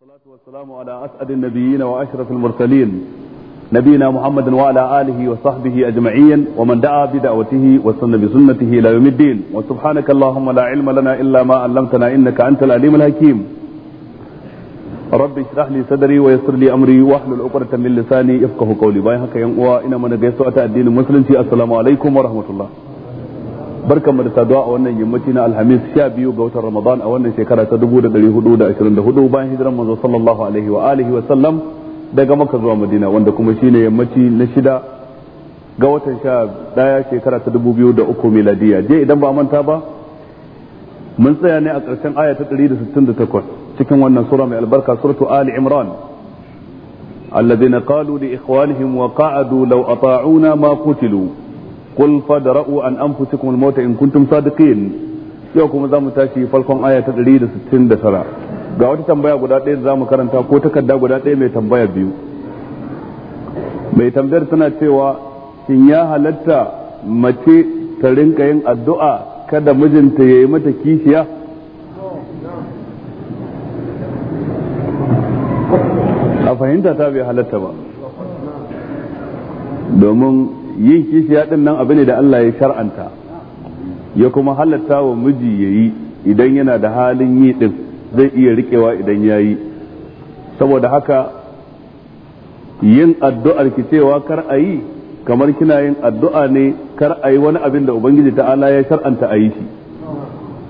والصلاة والسلام على أسعد النبيين وأشرف المرسلين نبينا محمد وعلى آله وصحبه أجمعين ومن دعا بدعوته وسن بسنته إلى يوم الدين وسبحانك اللهم لا علم لنا إلا ما علمتنا إنك أنت العليم الحكيم رب اشرح لي صدري ويسر لي أمري واحلل عقدة من لساني يفقه قولي باي هكا ينقوى إنما نجيسوا أتى الدين المسلم السلام عليكم ورحمة الله barkan mu da saduwa a wannan yammaci na alhamis sha biyu ga watan ramadan a wannan shekara ta dubu da dari hudu da ashirin da hudu bayan hijiran manzo sallallahu alaihi wa alihi wa sallam daga maka zuwa madina wanda kuma shine yammaci na shida ga watan sha daya shekara ta dubu biyu da uku miladiya je idan ba manta ba mun tsaya ne a ƙarshen aya ta ɗari da sittin da takwas cikin wannan sura mai albarka suratu ali imran الذين قالوا لإخوانهم وقعدوا لو أطاعونا ما قتلوا da fadra'u an anfusikum al-maut in kuntum sadiqin yau kuma zamu tashi farkon aya ta 169 ga wata tambaya guda ɗaya da zamu karanta ko takarda guda ɗaya mai tambaya biyu mai tambayar tana cewa shin ya halatta mace ta rinka yin addu'a kada mijinta yayi mata kishiya a fahimta ta bai halatta ba domin yin kishiya din nan abu ne da Allah ya shar'anta ya kuma halatta wa miji ya yi idan yana da halin yi din zai iya riƙewa idan ya yi saboda haka yin addu'ar ki cewa kar a yi kamar kina yin addu'a ne kar a yi wani abin da ubangiji ta Allah ya shar'anta a yi shi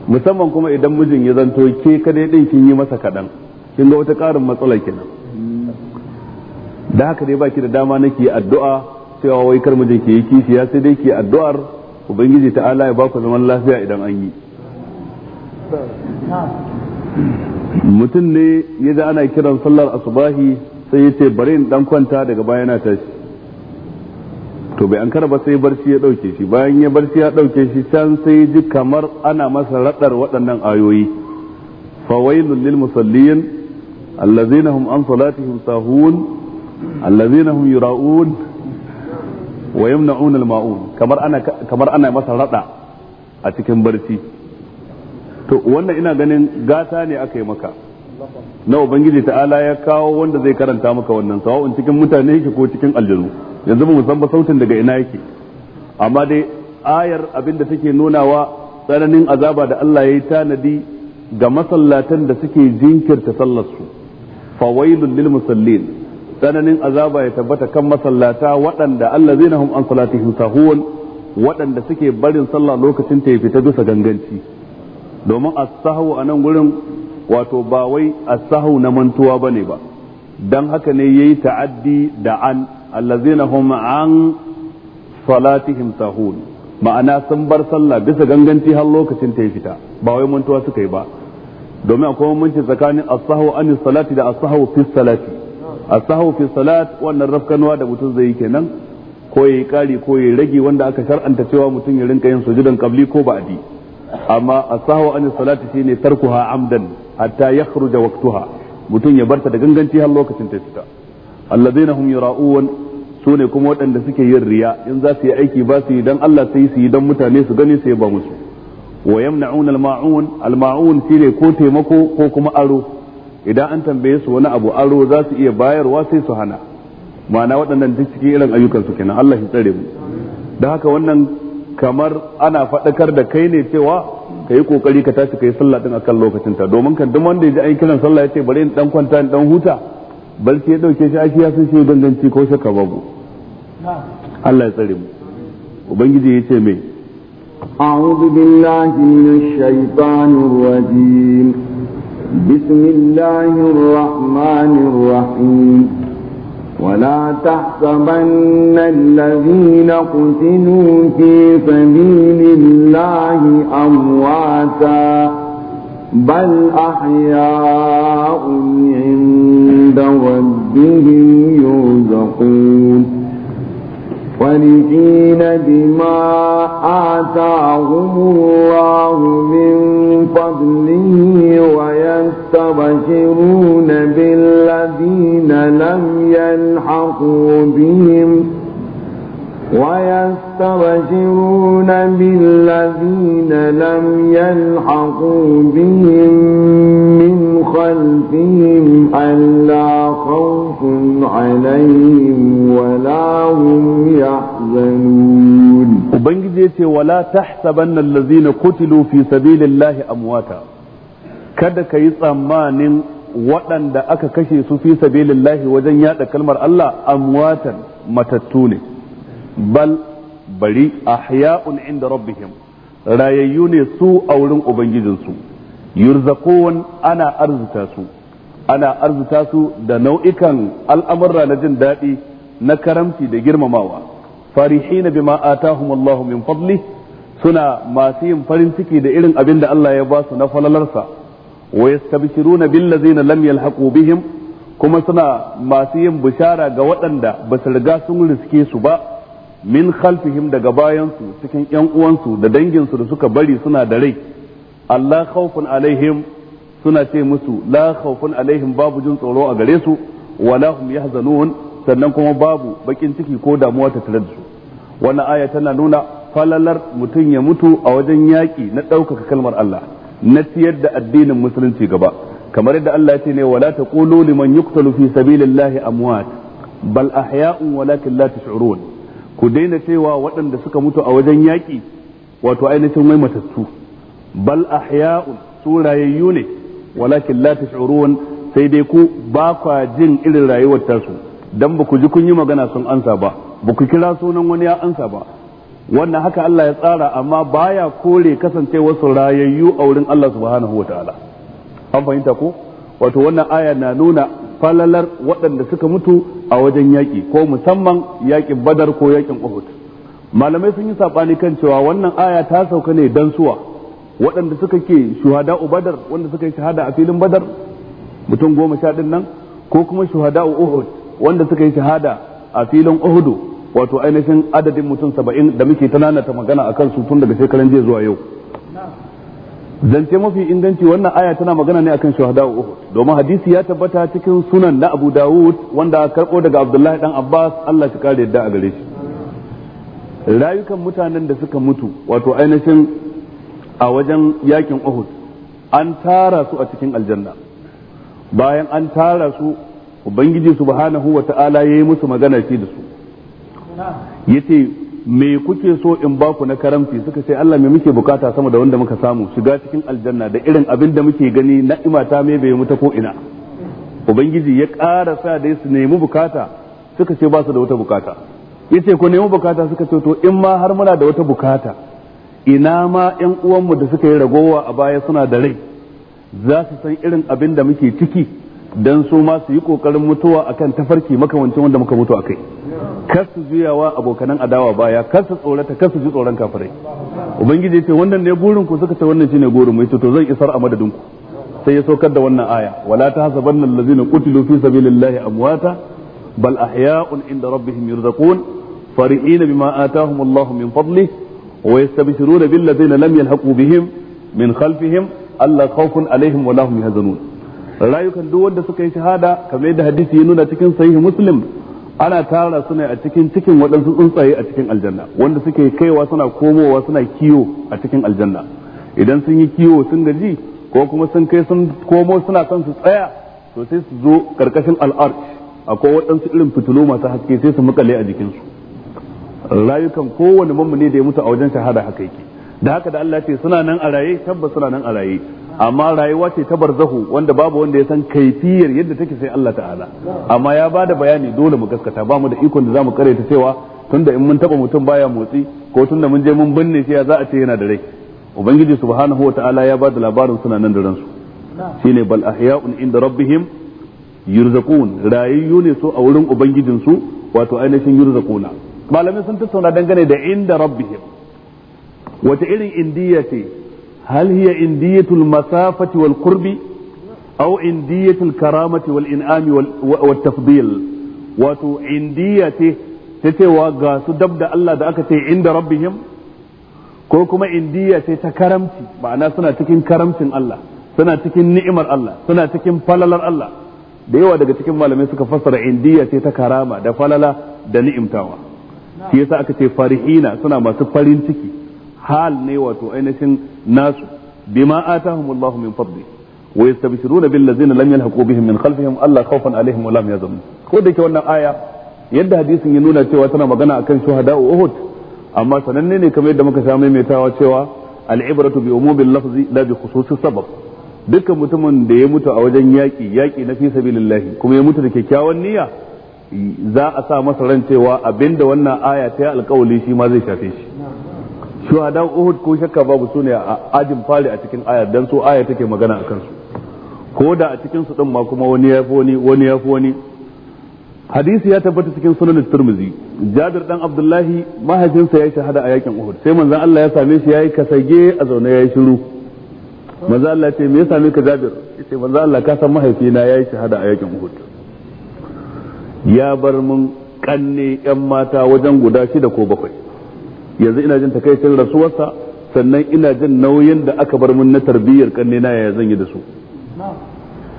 musamman kuma idan mijin ya zanto ke kadai din kin yi masa kaɗan kin ga wata ƙarin matsala kenan da haka dai baki da dama yi addu'a cewa wai kar mijin ke yi ya sai dai ke addu'ar ubangiji ta'ala ya baku zaman lafiya idan an yi mutum ne ya ji ana kiran sallar asubahi sai ya ce bari in dan kwanta daga baya na tashi to bai an ba sai barci ya dauke shi bayan ya barci ya dauke shi can sai ji kamar ana masa radar waɗannan ayoyi fawailul lil musallin allazina hum an salatihim sahun allazina hum yura'un wa yamna'un al-ma'un kamar ana kamar ana masa a cikin barci to wannan ina ganin gata ne aka yi maka na ubangiji ta'ala ya kawo wanda zai karanta maka wannan sawa'un cikin mutane yake ko cikin aljanu yanzu ba mu san ba sautin daga ina yake amma dai ayar abinda take nunawa tsananin azaba da Allah ya yi tanadi ga masallatan da suke jinkirta sallar su fawailul lil musallin tsananin azaba ya tabbata kan masallata waɗanda allazina hum an salatihim sahun waɗanda suke barin sallah lokacin ta fita bisa ganganci domin as-sahwu a nan gurin wato ba wai as na mantuwa bane ba dan haka ne yayi ta'addi da an allazina hum an salatihim sahun ma'ana sun bar sallah bisa ganganci har lokacin ta fita ba wai mantuwa suka yi ba domin akwai bambanci tsakanin as-sahwu an salati da as-sahwu fi salati as fi salat wannan rafkanwa da mutum zai yi kenan ko yayi kari ko yayi rage wanda aka shar'anta cewa mutum ya rinka yin sujudan qabli ko ba'di amma as-sahwu an salati shine tarkuha amdan hatta yakhruja waqtuha mutum ya barta da ganganci har lokacin ta fita alladheena hum yura'un su ne kuma waɗanda suke yin riya in za su yi aiki ba su yi dan Allah sai su yi dan mutane su gani sai ba musu wa yamna'un al-ma'un al-ma'un shine ko taimako ko kuma aro idan an tambaye su wani abu aro za su iya bayarwa sai su hana ma'ana waɗannan duk cikin irin ayyukan su kenan Allah ya tsare mu da haka wannan kamar ana faɗakar da kai ne cewa ka yi kokari ka tashi ka yi sallah din akan lokacin ta domin kan duk wanda ya ji an kiran sallah ya ce bari in dan kwanta in dan huta balki ya dauke shi aiki ya san shi ganganci ko shakka babu Allah ya tsare mu ubangiji ya ce mai أعوذ بالله من الشيطان الرجيم بسم الله الرحمن الرحيم ولا تحسبن الذين قتلوا في سبيل الله أمواتا بل أحياء عند ربهم يرزقون فرحين بما آتاهم الله من فضله ويستبشرون بالذين لم يلحقوا بهم ويستبشرون بالذين لم يلحقوا بهم من خلفهم ألا خوف عليهم ولا هم يحزنون وبنجي ولا تحسبن الذين قتلوا في سبيل الله أمواتا kada ka yi tsammanin waɗanda aka kashe su fi sabilillahi wajen yaɗa kalmar Allah amwatan matattu ne bal bari ahya'un inda rabbihim rayayyu ne su a wurin ubangijinsu yurzaqun ana arzuta su ana arzuta su da nau'ikan al'amurra na jin daɗi na karamci da girmamawa farihina bima atahum Allahu min fadli suna masu yin farin ciki da irin abin da Allah ya ba su na falalarsa wa yastabshiruna billazina lam yalhaqu bihim kuma suna masu yin bishara ga waɗanda ba su riga sun riske su ba min khalfihim daga bayansu cikin yan uwansu da danginsu da suka bari suna da rai Allah khawfun alaihim suna ce musu la khawfun alaihim babu jin tsoro a gare su wala hum yahzanun sannan kuma babu bakin ciki ko damuwa ta tare da su wannan aya tana nuna falalar mutum ya mutu a wajen yaƙi na ɗaukaka kalmar Allah na ciyar da addinin musulunci gaba kamar yadda Allah ya ce ne wala taqulu liman yuqtalu fi sabilillahi amwat bal ahya'un walakin la tash'urun ku daina cewa waɗanda suka mutu a wajen yaƙi wato ainihin wai matattu bal ahya'un su rayayyu ne walakin la tash'urun sai dai ku ba kwa jin irin rayuwar tasu dan ba ku ji kun yi magana sun ansa ba ba ku kira sunan wani ya ansa ba wannan haka Allah ya tsara amma baya kore kasancewar su rayayyu a wurin Allah subhanahu wataala an fahimta ko wato wannan aya na nuna falalar waɗanda suka mutu a wajen yaƙi ko musamman yaƙin badar ko yaƙin uhud malamai sun yi saɓani kan cewa wannan aya ta sauka ne dan suwa waɗanda suka ke shuhada badar wanda suka yi shahada a filin badar mutum goma sha ɗin nan ko kuma shuhada uhud wanda suka yi shahada a filin uhudu wato ainihin adadin mutum saba'in da muke ta nanata magana a kansu tun daga shekaran jiya zuwa yau zance mafi inganci wannan aya tana magana ne akan shuhada Uhud domin hadisi ya tabbata cikin sunan na Abu Dawud wanda karɓo daga Abdullahi dan Abbas Allah ya kare yadda a gare shi rayukan mutanen da suka mutu wato ainihin a wajen yakin Uhud an tara su a cikin aljanna bayan an tara su ubangiji subhanahu wata'ala yayi musu magana shi da su yace me kuke so in ba ku na karamci suka ce Allah me muke bukata sama da wanda muka samu shiga cikin aljanna da irin abin da muke gani na imata me bai muta ko ina ubangiji ya ƙara sa dai su nemi bukata suka ce ba su da wata bukata yace ku nemi bukata suka ce to in ma har muna da wata bukata ina ma ƴan uwanmu da suka yi ragowa a baya suna da rai za su san irin abin da muke ciki dan su ma su yi kokarin mutuwa akan tafarki makamancin wanda muka mutu akai kar su juyawa abokanan adawa baya kar su tsorata kar su ji tsoron kafirai ubangiji ce wannan ne burin ku suka ce wannan shine burin mu to zan isar a madadin ku sai ya saukar da wannan aya wala tahsabanna allazina qutilu fi sabilillahi amwata bal ahya'un inda rabbihim yurzaqun فرحين بما آتاهم الله من فضله ويستبشرون بالذين لم يلحقوا min من خلفهم alla خوف alaihim ولا هم yahzanun rayukan duk wanda suka yi shahada kamar da hadisi ya nuna cikin sahihi muslim ana tara su ne a cikin cikin waɗansu tsuntsaye a cikin aljanna wanda suke kaiwa suna komowa suna kiwo a cikin aljanna idan sun yi kiwo sun gaji ko kuma sun kai sun komo suna son su tsaya to sai su zo karkashin al'ar akwai waɗansu irin fitilu masu haske sai su makale a jikinsu rayukan kowane mamuni da ya mutu a wajen shahada haka yake da haka da Allah ce suna nan a raye tabbas suna nan a raye amma rayuwa ce ta barzahu wanda babu wanda ya san kaifiyar yadda take sai Allah ta'ala amma ya bada bayani dole mu gaskata ba mu da ikon da zamu kare ta cewa tunda in mun taba mutum baya motsi ko tunda mun je mun binne shi ya za a ce yana da rai ubangiji subhanahu wa ta'ala ya bada labarin suna nan da ransu shine bal ahya'un inda rabbihim yurzaqun rayayyu ne su a wurin ubangijin su wato ainihin yurzaquna malamai sun tattauna dangane da inda rabbihim wata irin indiya ce hal hiya indiyatul masafati wal kurbi aw indiyatul karamati wal in'ami wal tafdil indiya ce ta cewa ga su dab da Allah da aka ce inda him? ko kuma indiya ce ta karamci ma'ana suna cikin karamcin Allah suna cikin ni'imar Allah suna cikin falalar Allah da yawa daga cikin malamai suka fassara indiya ce ta karama da falala da ni'imtawa shi yasa aka ce farihina suna masu farin ciki hal ne wato ainihin nasu bima atahumullahu min fadli wa yastabshiruna bil ladzina lam yalhaqu bihim min khalfihim alla khawfan alaihim wa lam yazun ko da wannan aya yadda hadisin ya nuna cewa tana magana akan shuhada Uhud amma sananne ne kamar yadda muka sha maimaitawa cewa al'ibratu bi umumin lafzi la bi khususi sabab dukkan mutumin da ya mutu a wajen yaƙi yaƙi na fi sabilillahi kuma ya mutu da kyakkyawan niyya za a sa masa ran cewa abinda wannan aya ta yi alƙawali shi ma zai shafe shi shuhada uhud ko shakka babu su ne a ajin fari a cikin aya dan su aya take magana a kansu ko da a cikin su din ma kuma wani ya wani wani ya wani hadisi ya tabbata cikin sunan turmizi jadir dan abdullahi mahajinsa ya shahada a yakin uhud sai manzon Allah ya same shi yayi kasage a zaune yayi shiru manzon Allah ce me ya same ka jabir yace manzon Allah ka san mahaifina yayi shahada a yakin uhud ya bar mun kanne yan mata wajen guda shida ko bakwai yanzu ina jin takaicin rasuwarsa sannan ina jin nauyin da aka bar mun na tarbiyyar kanne na yaya zan yi da su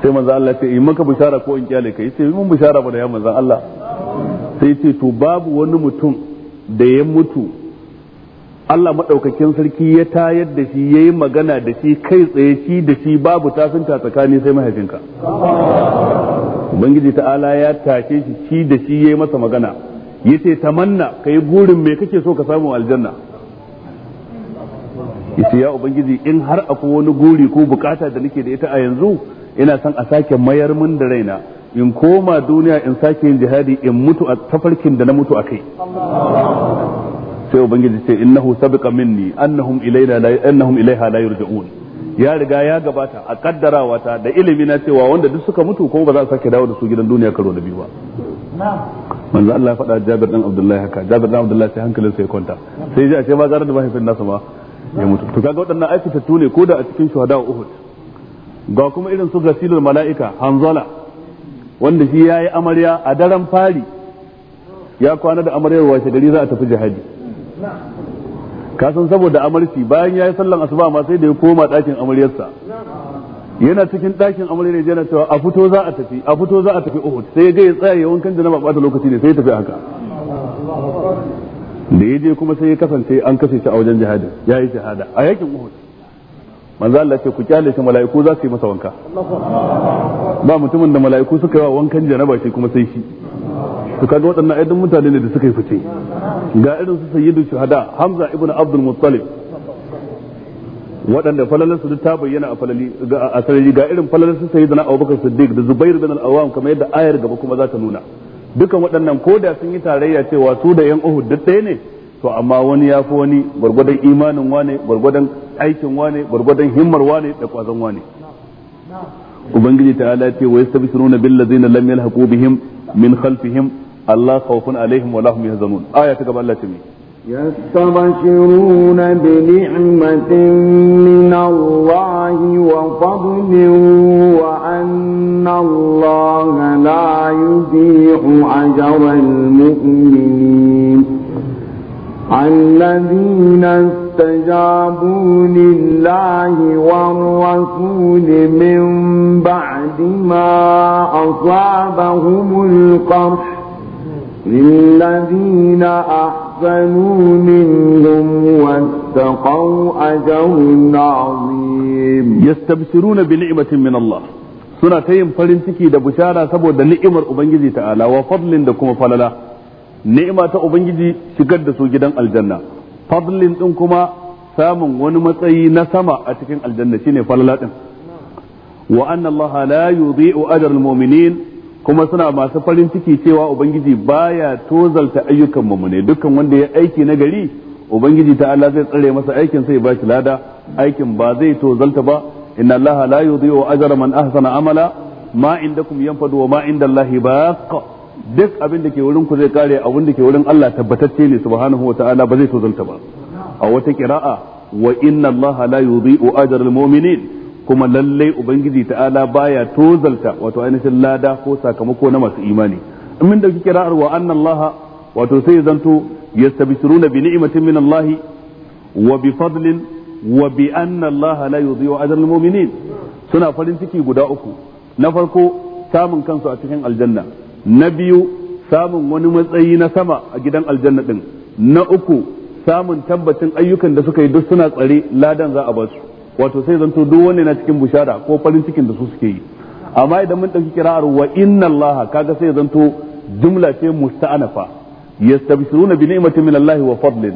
sai manzo Allah ce in maka bishara ko in kyale kai sai mun bishara ba da ya manzo Allah sai ce to babu wani mutum da ya mutu Allah madaukakin sarki ya tayar da shi yayi magana da shi kai tsaye shi da shi babu tafinta tsakani sai mahaifinka ubangiji ta'ala ya tashe shi shi da shi yayi masa magana yace tamanna kai gurin me kake so ka samu aljanna yace ya ubangiji in har akwai wani guri ko bukata da nake da ita a yanzu ina son a sake mayar min da raina in koma duniya in sake yin jihadi in mutu a tafarkin da na mutu a kai sai ubangiji ce innahu sabiqa minni annahum ilayna la annahum ilayha la yurja'un ya riga ya gabata a kaddarawa ta da ilimi na cewa wanda duk suka mutu ko ba za su sake dawo da su gidan duniya karo da biyu ba manzo Allah ya faɗa Jabir dan Abdullahi haka Jabir dan Abdullahi sai hankalin sa ya kwanta sai ya ce ba zarar da mahaifin nasa ma ya mutu to kaga waɗannan aikata ne ko da a cikin shuhada Uhud ga kuma irin su gasilul mala'ika Hanzala wanda shi yayi amarya a daren fari ya kwana da amaryar washe gari za a tafi jihadi ka san saboda amarci bayan yayi sallan asuba ma sai da ya koma ɗakin amaryarsa yana cikin ɗakin amarya ne yana cewa a fito za a tafi a fito za a tafi Uhud sai ya ga ya tsaya yawan kan jana bata lokaci ne sai ya tafi haka da ya je kuma sai ya kasance an kashe shi a wajen jihadi ya yi jihada a yakin Uhud manzo Allah ce ku kyale shi mala'iku za su yi masa wanka ba mutumin da mala'iku suka yi wa wankan janaba shi kuma sai shi to kaga waɗannan ayyukan mutane ne da suka yi fice ga irin su sayyidu shuhada Hamza ibnu Abdul Muttalib waɗanda falalansu ta bayyana a falali ga a ga irin falalansu sai da na Abubakar Siddiq da Zubair bin Al-Awwam kamar yadda ayar gaba kuma za ta nuna dukan waɗannan ko da sun yi tarayya cewa su da yan Uhud duk ɗaya ne to amma wani ya fi wani gwargwadon imanin wane gwargwadon aikin wane gwargwadon himmar wane da ƙwazon wane ubangiji ta ta'ala ce wa nuna bil ladzina lam yalhaqu bihim min khalfihim Allah khawfun alaihim wa lahum yahzanun aya ta gaba Allah ta يستبشرون بنعمة من الله وفضل وأن الله لا يضيع أجر المؤمنين الذين استجابوا لله والرسول من بعد ما أصابهم القرح للذين أحبوا أحسنوا منهم واتقوا أجر عظيم يستبشرون بنعمة من الله suna ta yin farin ciki da bishara saboda ni'imar ubangiji ta'ala wa fadlin da kuma falala ni'ima ta ubangiji shigar da su gidan aljanna fadlin din kuma samun wani matsayi na sama a cikin aljanna shine falala din wa anna allaha la yudhi'u ajra muminin. kuma suna masu farin ciki cewa ubangiji baya tozalta ayyukan mu ne dukkan wanda ya aiki na gari ubangiji ta Allah zai tsare masa aikin sai ba shi lada aikin ba zai tozalta ba inna Allah la yudhi'u ajra man ahsana amala ma indakum yanfadu wa ma inda Allah baq duk abin da ke wurin ku zai kare abin da ke wurin Allah tabbatacce ne subhanahu wa ta'ala ba zai tozalta ba a wata qira'a wa inna Allah la yudhi'u ajra al-mu'minin kuma lalle ubangiji ta'ala baya tozalta wato ainihin lada ko sakamako na masu imani min da kike ra'ar wa anna wato sai zanto yastabshiruna bi ni'matin min allahi wa bi fadlin wa bi anna allaha la yudhi'u ajra muminin suna farin ciki guda uku na farko samun kansu a cikin aljanna na biyu samun wani matsayi na sama a gidan aljanna din na uku samun tabbacin ayyukan da suka yi duk suna tsare ladan za a basu su wato sai zanto duk wanne na cikin bushara ko farin cikin da su suke yi amma idan mun dauki kira'ar wa inna allaha kaga sai zanto jumla ce musta'anafa yastabshiruna bi ni'matin min allahi wa fadlin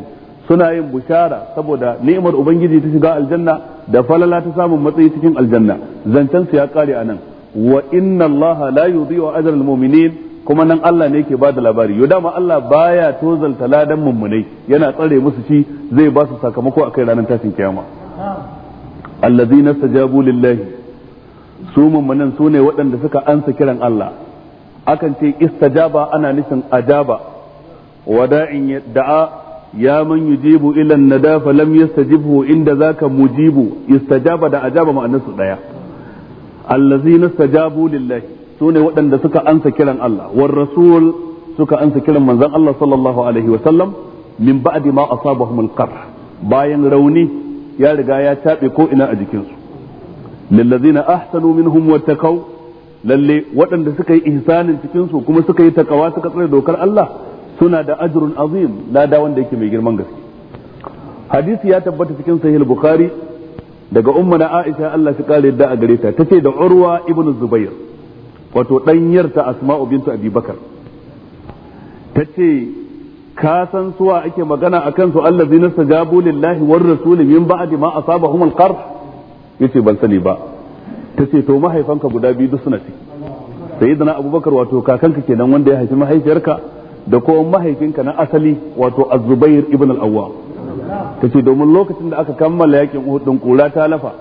suna yin bushara saboda ni'imar ubangiji ta shiga aljanna da falala ta samun matsayi cikin aljanna zancen su ya kare anan wa inna allaha la yudhi'u ajra almu'minin kuma nan Allah ne yake bada labari yau dama Allah baya tozalta ladan mummunai yana tsare musu shi zai ba su sakamako akai ranar tashin kiyama allazina stajabu lillahi su mummunan su ne waɗanda suka ansa kiran Allah akan ce istajaba ana nufin ajaba wada'in da'a ya man yujibu ila nada fa lam yastajibhu inda zaka mujibu istajaba da ajaba ma'anarsu daya allazina stajabu lillahi su ne waɗanda suka ansa kiran Allah war rasul suka ansa kiran manzon Allah sallallahu alaihi wa sallam min ba'di ma asabahum al bayan rauni ya riga ya tabe ko ina a jikinsu lillazina ahsanu minhum wattaqaw lalle waɗanda suka yi ihsanin cikin su kuma suka yi takawa suka tsare dokar Allah suna da ajrun azim lada wanda yake mai girman gaske hadisi ya tabbata cikin sahih bukhari daga na aisha Allah shi kare yadda a gare ta tace da urwa ibnu zubair wato danyarta asma'u bintu abubakar tace ka san suwa ake magana akan su allazina stajabu lillahi war rasul min ba'di ma asabahum al-qarh yace ban sani ba tace to mahaifanka guda biyu duk suna ci sayyidina abubakar wato kakanka kenan wanda ya haifi mahaifiyarka da ko mahaifinka na asali wato az-zubair ibn al-awwam tace domin lokacin da aka kammala yakin uhud din kura ta lafa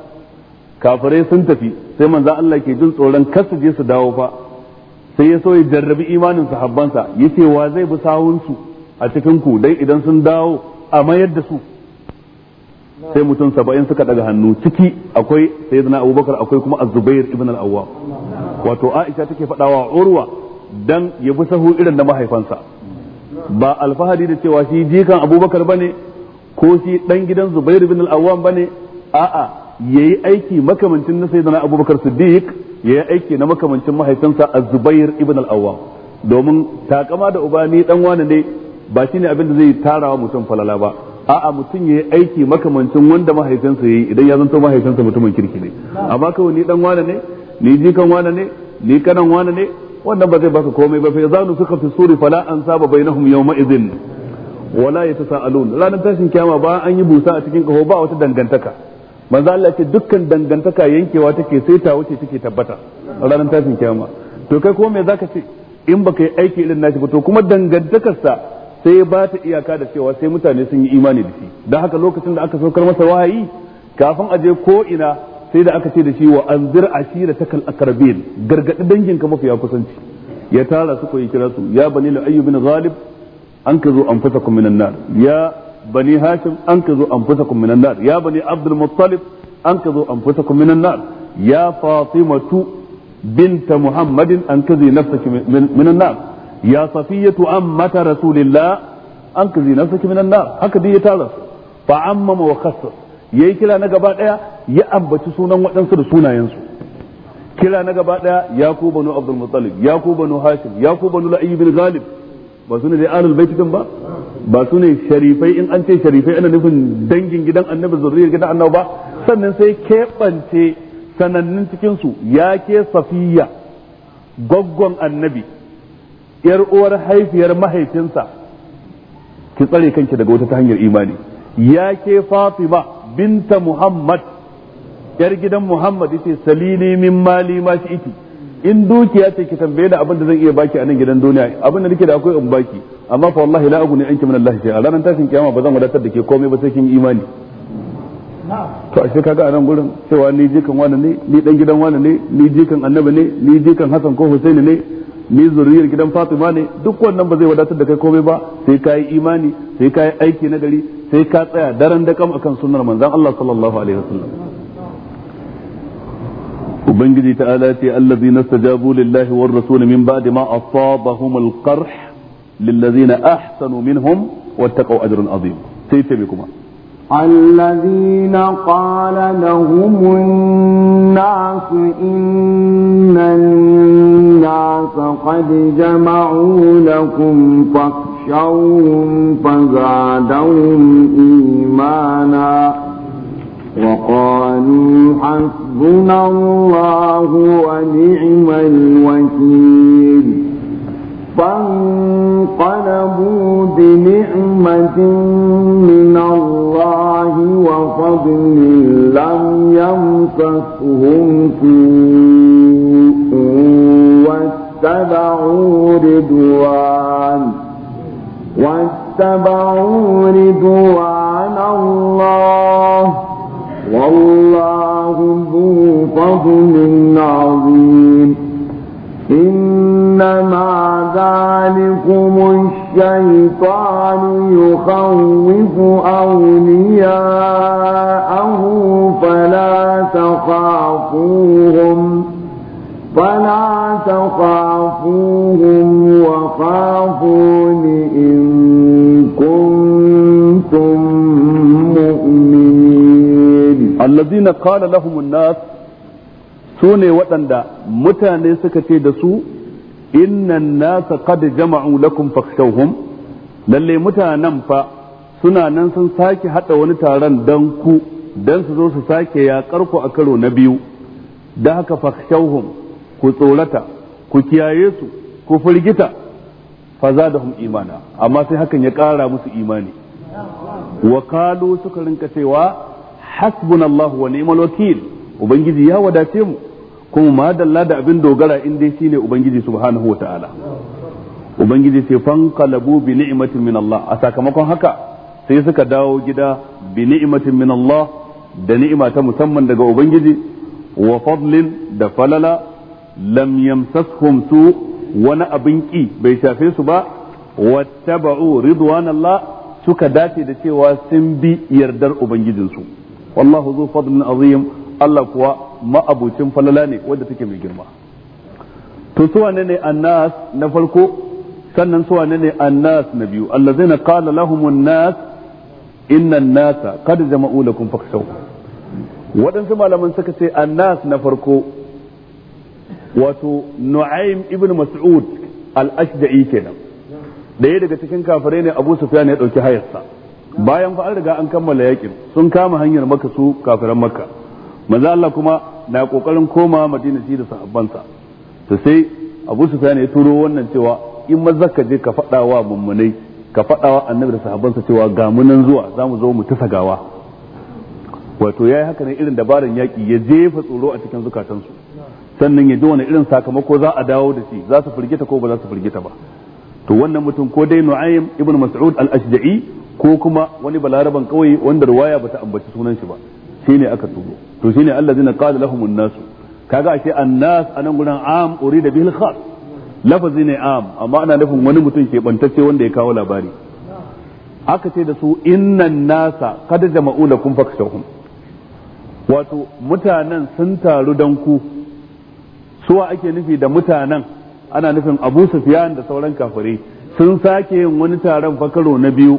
kafirai sun tafi sai manzo Allah ke jin tsoron kar su je su dawo fa sai ya so ya jarrabi imanin sahabbansa yace wa zai bi sawunsu a cikin ku dan idan sun dawo a mayar da su sai mutum saba'in suka daga hannu ciki akwai na abubakar akwai kuma azubair ibn al-awwam wato aisha take faɗawa urwa dan ya bi sahu irin da mahaifansa ba alfahari da cewa shi jikan abubakar bane ko shi dan gidan zubair ibn al-awwam bane a'a yayi aiki makamancin na sayyidina abubakar ya yi aiki na makamancin mahaifinsa azubair zubair ibn al-awwam domin takama da uba ni dan wane ne ba shine abin da zai tarawa mutum falala ba a'a mutum ya yi aiki makamancin wanda mahaifinsa ya yi idan ya zanto mahaifinsa mutumin kirki ne amma kawai ni dan wane ne ni jikan wane ne ni kanan wane ne wannan ba zai baka komai ba fa zanu suka fi suri fala an saba bainahum yawma idhin wala yatasaalun ranar tashin kiyama ba an yi busa a cikin kaho ba wata dangantaka manzo Allah ce dukkan dangantaka yankewa take sai ta wuce take tabbata ranar tashin kiyama to kai ko me zaka ce in baka yi aiki irin nashi ba to kuma dangantakarsa sai ba ta iyaka da cewa sai mutane sun yi imani da shi don haka lokacin da aka saukar masa wahayi kafin a je ko ina sai da aka ce da shi wa anzir ashira takal akarbil gargadi danginka mafiya kusanci ya tara su ko ya kira su ya bani la ayyub bin ghalib an ka zo anfusakum minan nar ya bani hashim an ka zo anfusakum minan nar ya bani abdul muttalib an ka zo anfusakum minan nar ya fatimatu binta muhammadin an kazi nafsaki minan nar ya safiyatu ammata rasulillah an kazi nafsaki minan nar haka dai ya tara su amma wa khassas yayi kira na gaba ya ambaci sunan waɗansu da sunayensu kira na gaba daya ya banu abdul muttalib banu hashim ya banu la'ib bin ba su ne dai ahlul bait din ba ba su ne sharifai in an ce sharifai ana nufin dangin gidan annabi zuriyar gidan annabi ba sannan sai keɓance sanannun cikinsu ya ke safiyya gwaggon annabi yar uwar haifiyar mahaifinsa ki tsare kanki daga wata ta hanyar imani ya ke fatima binta muhammad yar gidan muhammad yace salini min mali ma shi iti in dukiya ce ki tambaye da abin da zan iya baki a nan gidan duniya abin da nake da akwai in baki amma fa wallahi la aguni anki min Allah shay'a ranar tashin kiyama ba zan wadatar da ke komai ba sai kin imani to ashe kaga a nan gurin cewa ni jikan wani ne ni dan gidan wani ne ni jikan annabi ne ni jikan hasan ko husaini ne ni zuriyar gidan Fatima ne duk wannan ba zai wadatar da kai komai ba sai ka yi imani sai ka yi aiki na gari sai ka tsaya daren da kam akan sunnar manzon Allah sallallahu alaihi wasallam ubangiji ta'ala ce allazina stajabu lillahi war rasul min ba'di ma asabahum al-qarh lillazina ahsanu minhum wattaqu ajrun azim sai ta kuma الذين قال لهم الناس إن الناس قد جمعوا لكم فاخشوهم فزادهم إيمانا وقالوا حسبنا الله ونعم الوكيل فانقلبوا بنعمة من الله وفضل لم يمسسهم سوء واتبعوا رضوان واتبعوا رضوان الله والله ذو فضل عظيم إنما ذلكم الشيطان يخوف أولياءه فلا تخافوهم فلا تخافوهم وخافون إن كنتم مؤمنين الذين قال لهم الناس سوني وطن دا متاني سكتي دسو إن الناس قد جمعوا لكم فاخشوهم للي متانا فا suna nan sun sake haɗa wani taron don ku don su zo su sake yaƙar ku a na biyu da haka fakshauhum ku tsorata ku kiyaye su ku firgita fa hum imana amma sai hakan ya ƙara musu imani wa qalu suka rinka cewa hasbunallahu wa ni'mal wakil ubangiji ya wadace mu kuma ma da abin dogara in dai shine ubangiji subhanahu wa ta'ala ubangiji sai fanqalabu bi ni'matin min Allah a sakamakon haka sai suka dawo gida bi ni'matin min Allah da ni'ima ta musamman daga ubangiji wa fadlin da falala lam yamsashum su wani abin ki bai shafe su ba wattaba'u ridwanallah suka dace da cewa sun bi yardar ubangijinsu wallahu zu fadlin azim Allah kuwa ma'abucin falala ne wadda take mai girma to su wane ne annas na farko sannan su wane ne annas na biyu allazina qala lahumun nas inna nasa qad jama'u lakum fakhshaw waɗansu malaman suka ce annas na farko wato nu'aym ibn mas'ud al-ashda'i kenan daya daga cikin kafirai ne abu sufyan ya dauki hayarsa bayan fa an riga an kammala yakin sun kama hanyar makka su kafiran makka manzo Allah kuma na kokarin koma madina da sahabbansa to sai abu sufyan ya turo wannan cewa in mazaka je ka fada wa mummunai ka fada wa annabi da sahabbansa cewa ga munan zuwa zamu zo mu gawa, wato yayi haka ne irin dabaran yaki ya jefa tsoro a cikin zukatansu sannan ya ji wani irin sakamako za a dawo da shi za su firgita ko ba za su firgita ba to wannan mutum ko dai nu'aym ibn mas'ud al-ashja'i ko kuma wani balaraban kauye wanda ruwaya bata ambaci sunan shi ba shine aka tubo to shine allazina qala lahum an-nas kaga ashe an-nas anan gurin am urida bihi khas lafazi ne am amma ana nufin wani mutum ke bantacce wanda ya kawo labari aka ce da su innan nasa kada jama'u lakum fakshahum wato mutanen sun taru dan ku suwa ake nufi da mutanen ana nufin abu sufiyan da sauran kafirai sun sake yin wani taron fakaro na biyu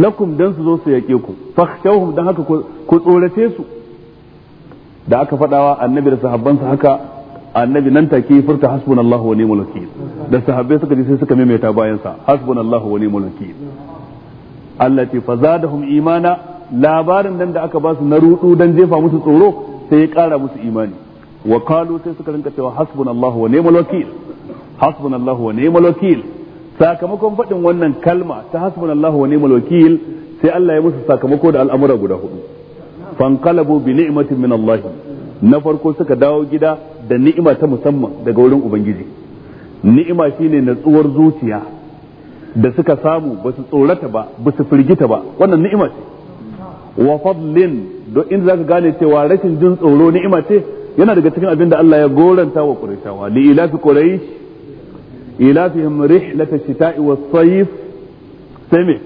lakum dan su zo su yake ku fakhshawhum dan haka ku tsorace su da aka fadawa annabi da sahabbansa haka annabi nan take furta hasbunallahu wa ni'mal wakeel da sahabbai suka ji sai suka maimaita bayan sa hasbunallahu wa ni'mal wakeel allati fazadahum imana labarin nan da aka ba su na rudu dan jefa musu tsoro sai ya kara musu imani wa sai suka rinka cewa hasbunallahu wa ni'mal wakil hasbunallahu wa ni'mal wakil sakamakon faɗin wannan kalma ta hasbunallahu wa ni'mal wakil sai Allah ya musu sakamako da al'amura guda hudu fanqalabu bi ni'matin min Allah na farko suka dawo gida da ni'ima ta musamman daga wurin ubangiji ni'ima shine natsuwar zuciya da suka samu ba su tsorata ba ba su firgita ba wannan ni'ima ce wa fadlin don in zaka gane cewa rashin jin tsoro ni'ima ce yana daga cikin abin da Allah ya goranta wa Qurayshawa li ilafi Quraysh ilafihim rihlata shita'i was-sayf sai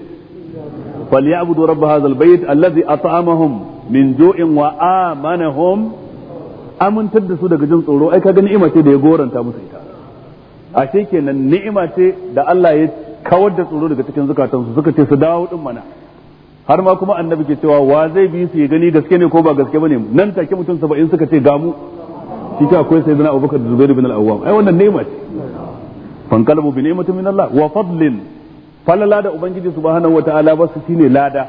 falyabudu rabb hadha al-bayt alladhi at'amahum min ju'in wa amanahum amintar da su daga jin tsoro ai kaga ni'ima ce da ya goranta musu ita ashe kenan ni'ima ce da Allah ya kawar da tsoro daga cikin zukatansu suka ce su dawo din mana har ma kuma annabi ke cewa wa zai bi su ya gani gaske ne ko ba gaske bane nan take mutum 70 suka ce gamu shi ta akwai sayyidina Abubakar da zubairu bin al-Awwam ai wannan ni'ima ce fanqalabu bi ni'matin min Allah wa fadlin falala da ubangiji subhanahu wata ba su shine lada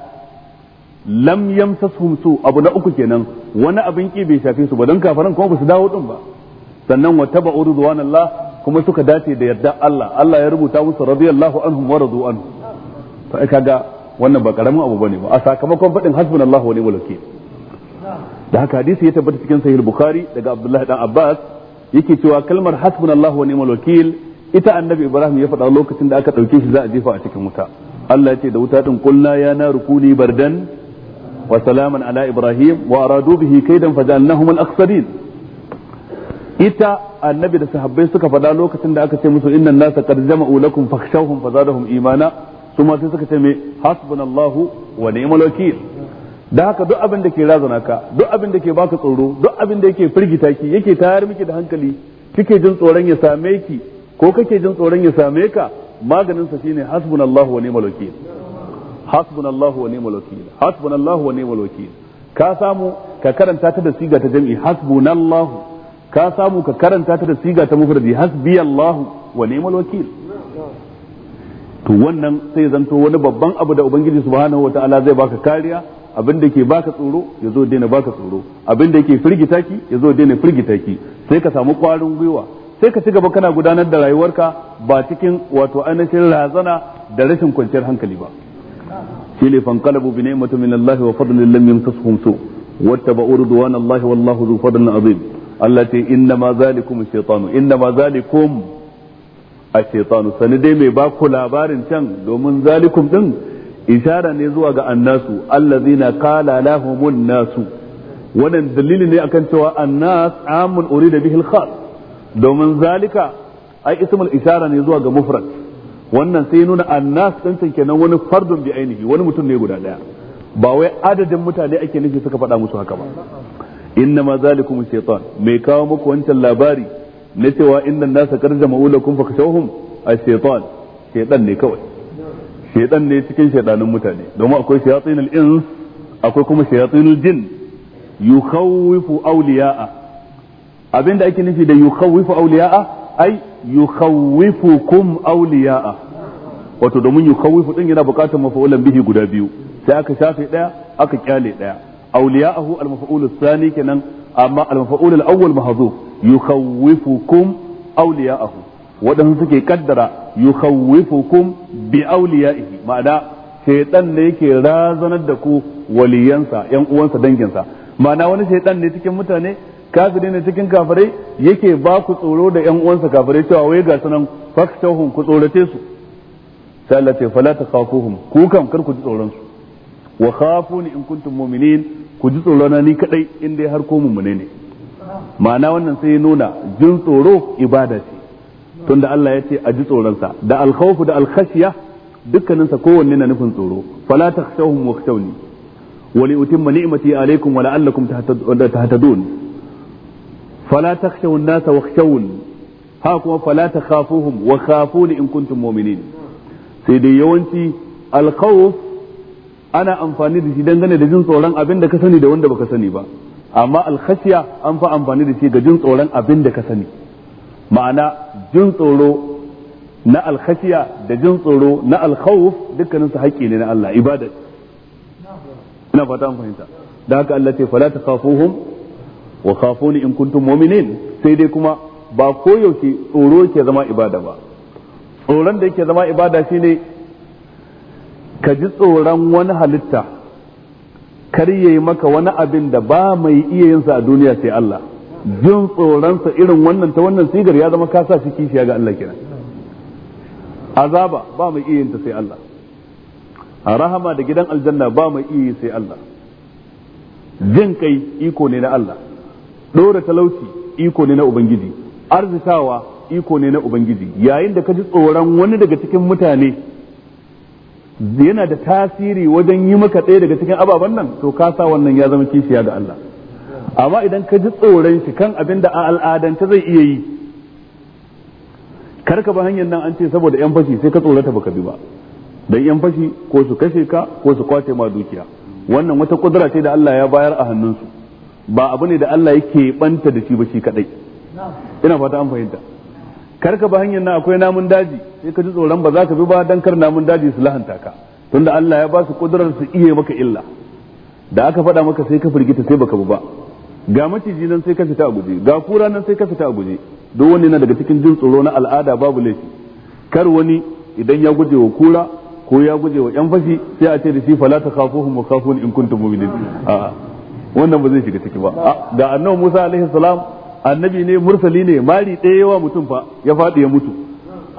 lam yamsasuhum su abu na uku kenan wani abin ki bai shafe su ba dan kafaran kuma ba su dawo din ba sannan wa tabu ridwanallah kuma suka dace da yarda Allah Allah ya rubuta musu radiyallahu anhum wa radu anhu fa kaga wannan ba karamin abu bane ba a sakamakon faɗin hasbunallahu wa ni'mal wakil da haka hadisi ya tabbata cikin sahih bukhari daga abdullahi dan abbas yake cewa kalmar hasbunallahu wa ni'mal wakil ita annabi ibrahim ya faɗa lokacin da aka ɗauke shi za a jefa a cikin wuta Allah ya ce da wuta din kulna ya na rukuni bardan wa salaman ala ibrahim wa aradu bihi kaidan fajalnahum al-akhsarin ita annabi da sahabbai suka faɗa lokacin da aka ce musu innan nasa qad jama'u lakum fakhshawhum fazadahum imana su ma sai suka ce me hasbunallahu wa ni'mal wakil da haka duk abin da ke razana ka duk abin da ke baka tsoro duk abin da yake firgita ki yake tayar miki da hankali kike jin tsoron ya same ki ko kake jin tsoron ya same ka maganin sa shine hasbunallahu wa ni'mal wakil hasbunallahu wa ni'mal wakil hasbunallahu wa ni'mal wakil ka samu ka karanta ta da siga ta jami'i hasbunallahu ka samu ka karanta ta da siga ta mufradi hasbiyallahu wa ni'mal wakil to wannan sai zanto wani babban abu da ubangiji subhanahu wataala zai baka kariya abin da ke baka tsoro ya zo daina baka tsoro abin da ke firgita ki ya zo daina firgita ki sai ka samu kwarin gwiwa sai ka ci gaba kana gudanar da rayuwarka ba cikin wato ainihin razana da rashin kwanciyar hankali ba shi ne fankalabu bi ni'mati min Allah wa fadlin lam yamsasuhum su wattaba'u ridwan Allah wallahu dhu fadlin azim Allah ta inna ma zalikum shaytanu inna ma zalikum a shaitanu sani dai mai ba ku labarin can domin zalikum din ishara ne zuwa ga annasu allazina qala lahumun nasu wannan dalili ne akan cewa annas amun urida bihil khas domin zalika ai ismul ishara ne zuwa ga mufrad wannan sai nuna annas din can kenan wani fardun bi ainihi wani mutum ne guda daya ba wai adadin mutane ake nufi suka faɗa musu haka ba inna ma zalikum shaitan mai kawo muku wancan labari na cewa innan nasa kar jama'u lakum fakashawhum ash-shaytan shaytan ne kawai shaytan ne cikin shaydanun mutane domin akwai shayatinul ins akwai kuma shayatinul jin yukhawifu awliya'a abinda ake nufi da yukhawifu awliya'a ai yukhawifukum awliya'a wato domin yukhawifu din yana bukatar mafa'ulan bihi guda biyu sai aka shafe daya aka kyale daya awliya'ahu al-maf'ul ath-thani kenan amma al-maf'ul al-awwal mahzuf yukhawwifukum awliya'ahu waɗansu suke kaddara yukhawwifukum bi awliya'ihi ma'ana shaytan ne yake razanar da ku waliyansa yan uwansa danginsa ma'ana wani shaytan ne cikin mutane kafiri ne cikin kafirai yake ba ku tsoro da yan uwansa kafirai cewa wai ga sanan fakshahum ku tsorate su sai Allah ce fala takhafuhum ku kam kar ku ji tsoron su wa khafuni in kuntum mu'minin ku ji tsorona ni kadai in dai har ko mu'mine ne ma'ana wannan sai ya nuna jin tsoro ibada ce tunda Allah ya ce a ji tsoronsa da alkhawfu da alkhashiya dukkaninsa kowanne na nufin tsoro fala takhshawhum wakhshawni wa li utimma ni'mati alaykum wa la'allakum tahtadun fala nasa ha kuma fala takhafuhum wa khafuni in kuntum mu'minin sai dai yawanci alkhawf ana amfani da shi dangane da jin tsoron abin da ka sani da wanda baka sani ba amma alkhashiya an fi amfani da shi ga jin tsoron abin da ka sani ma'ana jin tsoro na alkhashiya da jin tsoro na alkhawf dukkanin su haƙƙi ne na Allah ibada ina fata an fahimta da haka Allah ce fala takhafuhum wa khafuni in kuntum mu'minin sai dai kuma ba yaushe tsoro ke zama ibada ba tsoron da yake zama ibada shine ka ji tsoron wani halitta kar ya yi maka wani abin da ba mai iya yin a duniya sai Allah jin tsoronsa irin wannan ta wannan sigar ya zama ka sa shi kishiya ga Allah kenan azaba ba mai iya yin sai Allah rahama da gidan aljanna ba mai iya sai Allah jin kai iko ne na Allah dora talauci iko ne na ubangiji arzikawa iko ne na ubangiji yayin da ka ji tsoron wani daga cikin mutane yana da tasiri wajen yi maka ɗaya daga cikin ababen nan to ka sa wannan ya zama kishiya ga Allah amma idan ka ji tsoron shi kan abin da a al'adance zai iya yi kar ka ba hanyar nan an ce saboda yan fashi sai ka tsorata baka bi ba dan yan fashi ko su kashe ka ko su kwace ma dukiya wannan wata kudura ce da Allah ya bayar a hannunsu ba abu ne da Allah yake banta da shi ba shi kadai ina fata an fahimta kar ka ba hanyar nan akwai namun daji sai ka ji tsoron ba za ka bi ba dan kar namun daji su lahanta ka tunda Allah ya ba su kudurar su iya maka illa da aka faɗa maka sai ka firgita sai baka bi ba ga maciji nan sai ka fita a guje ga kura nan sai ka fita a guje duk wani na daga cikin jin tsoro na al'ada babu laifi kar wani idan ya guje wa kura ko ya guje wa yan fashi sai a ce da shi fala ta khafuhum wa khafun in kuntum mu'minin a wannan ba zai shiga ciki ba ga annabi Musa alaihi salam annabi ne mursali ne mari ɗaya yawa mutum fa ya faɗi ya mutu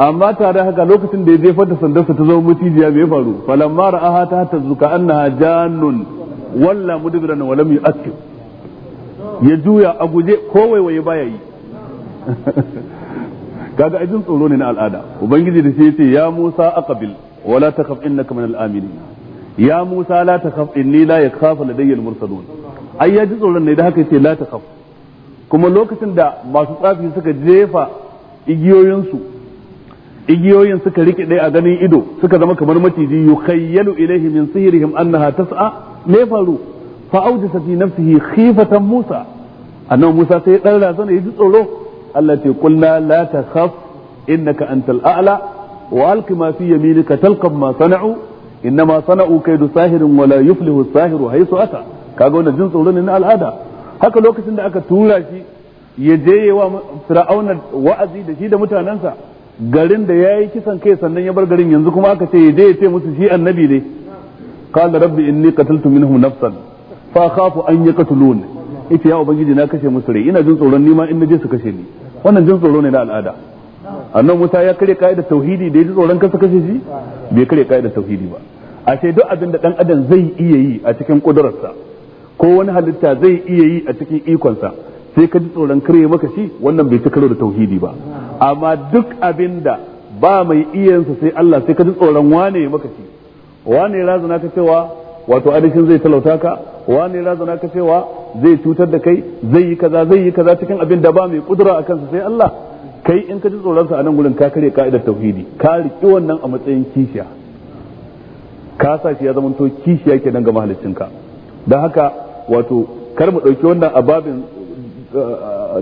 amma tare haka lokacin da ya jefar da sandarsa ta zama mutijiya me ya faru falamma ra'aha ta hatta zuka annaha jannun walla mudbiran wa lam yu'akkid ya juya a guje ko waiwaye baya yi kaga ajin tsoro ne na al'ada ubangiji da sai ya ce ya Musa aqbil wala takhaf innaka minal aminin ya Musa la takhaf inni la yakhafu ladayya al-mursalun ai ya ji tsoron ne da haka ce la takhaf kuma lokacin da masu tsafi suka jefa igiyoyinsu igiyoyin suka rike rikide a ganin ido suka zama kamar maciji yukhayyalu ilayhi min sihrihim annaha tas'a me faru fa awjasa fi nafsihi khifatan Musa annabi Musa sai dan razana yaji tsoro Allah ce kulna la takhaf innaka antal a'la wa alqi ma fi yaminika talqab ma sana'u innama sana'u kaidu sahirin wa la yuflihu sahiru haythu ata kaga wannan jin tsoro ne na al'ada haka lokacin da aka tura shi ya je wa fir'auna wa'azi da shi da mutanansa garin da ya yi kisan kai sannan ya bar garin yanzu kuma aka ce je ya ce musu shi annabi ne qala rabbi inni qataltu minhum nafsan fa khafu an yaqtulun yace ya ubangiji na kashe musu rai ina jin tsoron nima in naje su kashe ni wannan jin tsoro ne na al'ada annan Musa ya kare kaidar tauhidi da ya ji tsoron kansa kashe shi bai kare kaidar tauhidi ba ce duk abin da dan adam zai iya yi a cikin kudurarsa ko wani halitta zai iya yi a cikin ikonsa sai ka ji tsoron kare maka shi wannan bai ci karo da tauhidi ba amma duk abinda ba mai iyansa sai Allah sai ka ji tsoron wane maka wane razana ka cewa wato adishin zai talauta ka wane razana ka cewa zai cutar da kai zai yi kaza zai yi kaza cikin abin da ba mai kudura a kansa sai Allah kai in ka ji tsoron sa a nan gurin ka kare ka'idar tauhidi ka riki wannan a matsayin kishiya ka sa shi ya zama to kishiya kenan ga mahaliccinka don haka wato kar mu ɗauki wannan ababin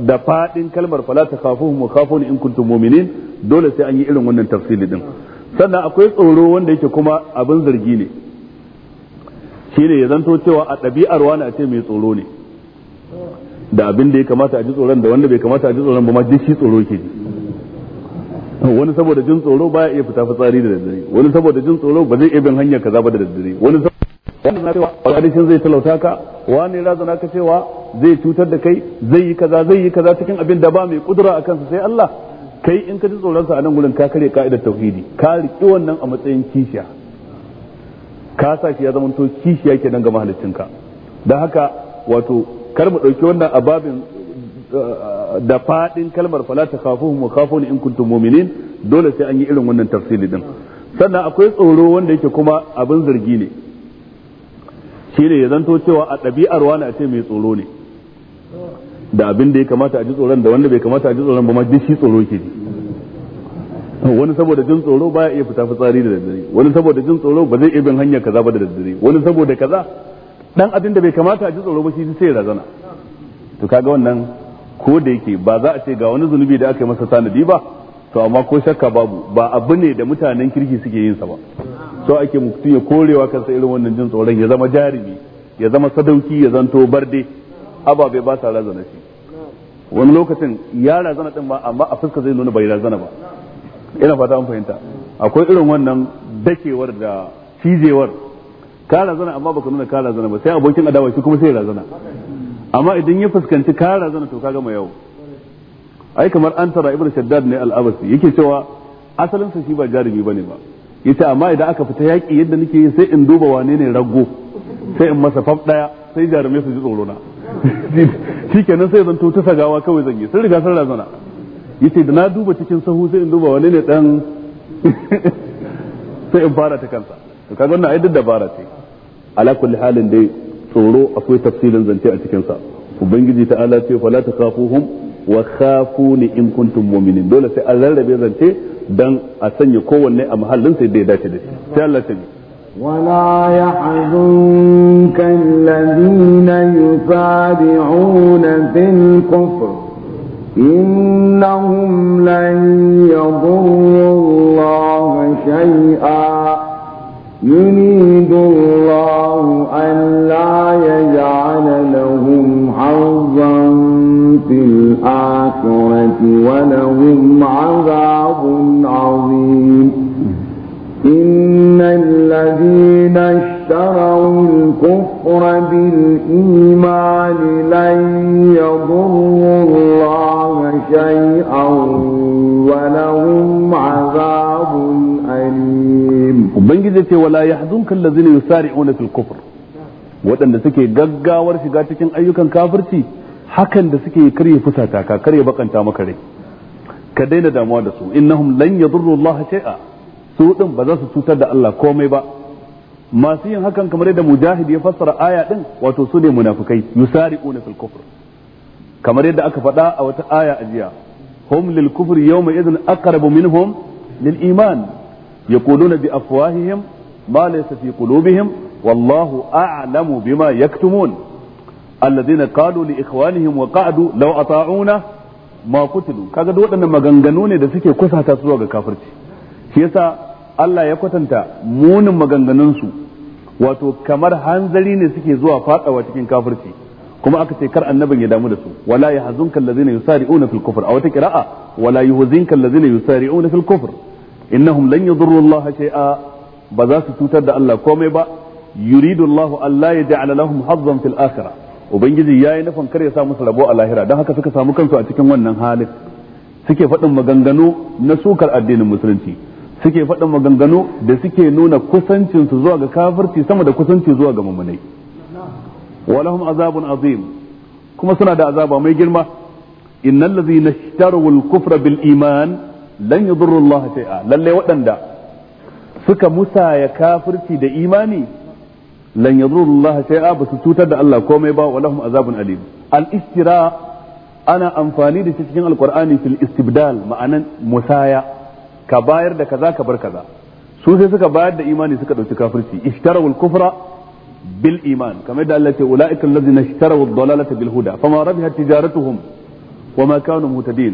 da fadin kalmar fala ta mu wa khafuni in kuntum mu'minin dole sai an yi irin wannan tafsili din sannan akwai tsoro wanda yake kuma abin zargi ne shine ya zanto cewa a ɗabi'ar wani a ce mai tsoro ne da abin da ya kamata a ji tsoron da wanda bai kamata a ji tsoron ba ma duk shi tsoro ke ji wani saboda jin tsoro baya iya fita fitsari da daddare wani saboda jin tsoro ba zai iya bin hanya kaza ba da daddare wani wanda na cewa alƙadishin zai talauta ka wani na ka cewa zai cutar da kai zai yi kaza zai yi kaza cikin abin da ba mai kudura a kansa sai Allah kai in ka ji tsoronsa a nan gurin ka kare ka'idar tauhidi ka riƙi wannan a matsayin kishiya ka sa shi ya zama to kishiya ke nan ga mahalicinka don haka wato kar mu ɗauki wannan ababin eh, da faɗin kalmar fala ta mu wa ni in kuntum mu'minin dole sai an yi irin wannan tafsiri din sannan akwai tsoro wanda yake kuma abin zargi ne shine ya zanto cewa a ɗabi'ar wani a ce mai tsoro ne da abin da ya kamata a ji tsoron da wanda bai kamata a ji tsoron ba ma duk shi tsoro ke ji wani saboda jin tsoro baya iya fita fitsari da daddare wani saboda jin tsoro ba zai iya bin hanyar kaza ba da daddare wani saboda kaza dan abin da bai kamata a ji tsoro ba shi sai razana to kaga wannan ko da yake ba za a ce ga wani zunubi da aka yi masa sanadi ba to amma ko shakka babu ba abu ne da mutanen kirki suke yin sa ba so ake mutum ya korewa kansa irin wannan jin tsoron ya zama jarumi ya zama sadauki ya zanto barde ababe ba sa razana shi wani lokacin ya razana din ba amma a fuska zai nuna bai razana ba ina fata an fahimta akwai irin wannan dakewar da cijewar ka razana amma baka nuna ka razana ba sai abokin adawa shi kuma sai razana amma idan ya fuskanci ka razana to ka gama yau ai kamar an tara ibnu shaddad ne al-abasi yake cewa asalin sa shi ba jarumi bane ba yace amma idan aka fita yaki yadda nake yi sai in duba wane ne rago sai in masa fab daya sai jarumai su ji tsoro na shikenan sai zan ta sagawa kawai zan yi sun riga sun razana yace da na duba cikin sahu sai in duba wane ne dan sai in fara ta kansa to kaga wannan ai duk dabara ce ala kulli halin dai tsoro akwai tafsirin zance a cikin sa ubangiji ta ala ce fala takhafuhum wa khafuni in kuntum mu'minin dole sai an rarrabe zance dan a sanya kowanne a mahallin sai da ya dace da shi sai Allah ta ولا يحزنك الذين يسارعون في الكفر إنهم لن يضروا الله شيئا يريد الله أن لا يجعل لهم حظا في الآخرة الآخرة ولهم عذاب عظيم إن الذين اشتروا الكفر بالإيمان لن يضروا الله شيئا ولهم عذاب أليم وبنجد ولا يحزنك الذين يسارعون في الكفر waɗanda suke gaggawar shiga cikin ayyukan kafirci hakan da suke kar ya fusata ka kar ya bakanta maka rai ka daina damuwa da su innahum lan yadurru Allah shay'a su din ba za su cutar da Allah komai ba masu yin hakan kamar yadda mujahid ya fassara aya din wato su ne munafikai yusari'una fil kufr kamar yadda aka faɗa a wata aya a jiya hum lil kufri yawma idhin aqrabu minhum lil iman yaquluna bi afwahihim ma laysa fi qulubihim wallahu a'lamu bima yaktumun alladhina qalu li ikhwanihim wa qa'du law ata'una kaga duk waɗannan maganganu ne da suke kusata zuwa ga kafirci shi yasa Allah ya kwatanta munin maganganun su wato kamar hanzari ne suke zuwa fadawa cikin kafirci kuma aka ce kar annabin ya damu da su wala yahzunka alladhina yusari'una fil kufr a wata qira'a wala yuhzinka alladhina yusari'una fil kufr innahum lan yadurru Allah shay'a ba za su cutar da Allah komai ba yuridu Allah an la yaj'ala lahum hazzan fil akhirah ubangiji ya yi nufin kar ya samu su rabo a lahira don haka suka samu kansu a cikin wannan halin suke faɗin maganganu na sukar addinin musulunci suke faɗin maganganu da suke nuna kusancinsu zuwa ga kafirci sama da kusanci zuwa ga mummunai walahum azabun azim kuma suna da azaba mai girma innal ladzina ishtaru shitarwal kufra bil iman lan yadurru Allah shay'a lalle waɗanda suka musaya kafirci da imani lan yadurullaha shay'a basu cutar da Allah komai ba wa lahum azabun alim al istira ana amfani da shi cikin alqur'ani fil istibdal ma'anan musaya ka bayar da kaza ka bar kaza su sai suka bayar da imani suka dauki kafirci ishtarawul kufra bil iman kamar da Allah ya ce ulaika allazina ishtarawu ad-dalalata bil huda fama rabihat tijaratuhum wama kanu muhtadin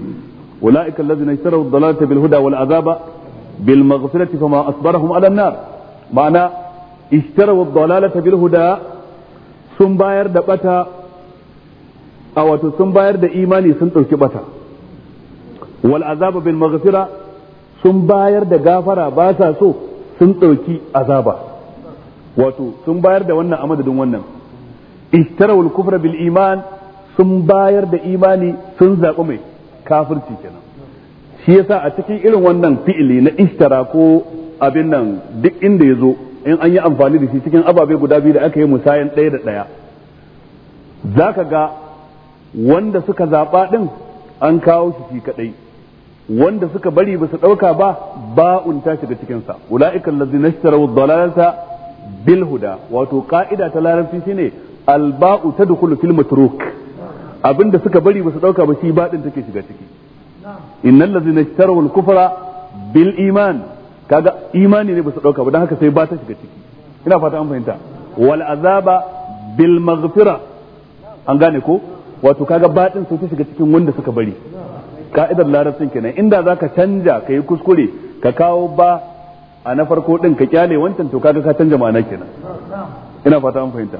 ulaika allazina ishtarawu ad-dalalata bil huda wal azaba bil maghfirati fama ma'ana Istara ad-dalalata bil sun bayar da bata a wato sun bayar da imani sun dauki bata wal azaba bil maghfira sun bayar da gafara ba sa so sun dauki azaba wato sun bayar da wannan a madadin wannan Istara wal kufra bil iman sun bayar da imani sun zaɓi mai kafirci kenan shi yasa a cikin irin wannan fi'ili na istara ko abin nan duk inda ya zo in an yi amfani da shi cikin ababe guda biyu da aka yi musayan ɗaya da ɗaya za ka ga wanda suka zaɓa ɗin an kawo shi shi kaɗai wanda suka bari ba su ɗauka ba ba'un ta shiga cikinsa ula'ika na ishtaraw dalalata bil huda wato ka'ida ta larabci shi ne alba'u ta tadkhulu filma turuk abinda suka bari ba su ɗauka ba shi ba ɗin take shiga ciki inna ladzina na al kufra bil iman kaga imani ne ba su dauka ba don haka sai ba ta shiga ciki ina fata an fahimta wal azaba bil maghfira an gane ko wato kaga batin sai ta shiga cikin wanda suka bari ka'idar larabcin kenan inda zaka canja kai kuskure ka kawo ba a na farko din ka kyale wancan to kaga ka canja ma'ana kenan ina fata an fahimta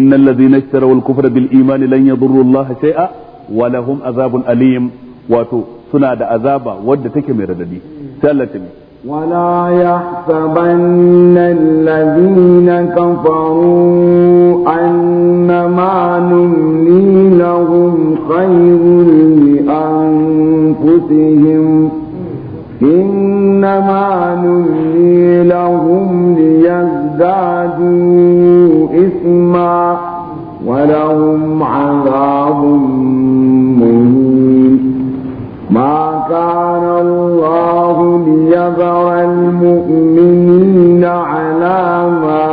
innal ladzina ishtaraw al kufra bil imani lan yadurru Allah shay'a wa lahum azabun alim wato suna da azaba wadda take mai radadi sai Allah ta ولا يحسبن الذين كفروا أنما نملي لهم خير لأنفسهم إنما نملي لهم ليزدادوا إثما ولهم عذاب مهين ما كان أجمع المؤمنين على ما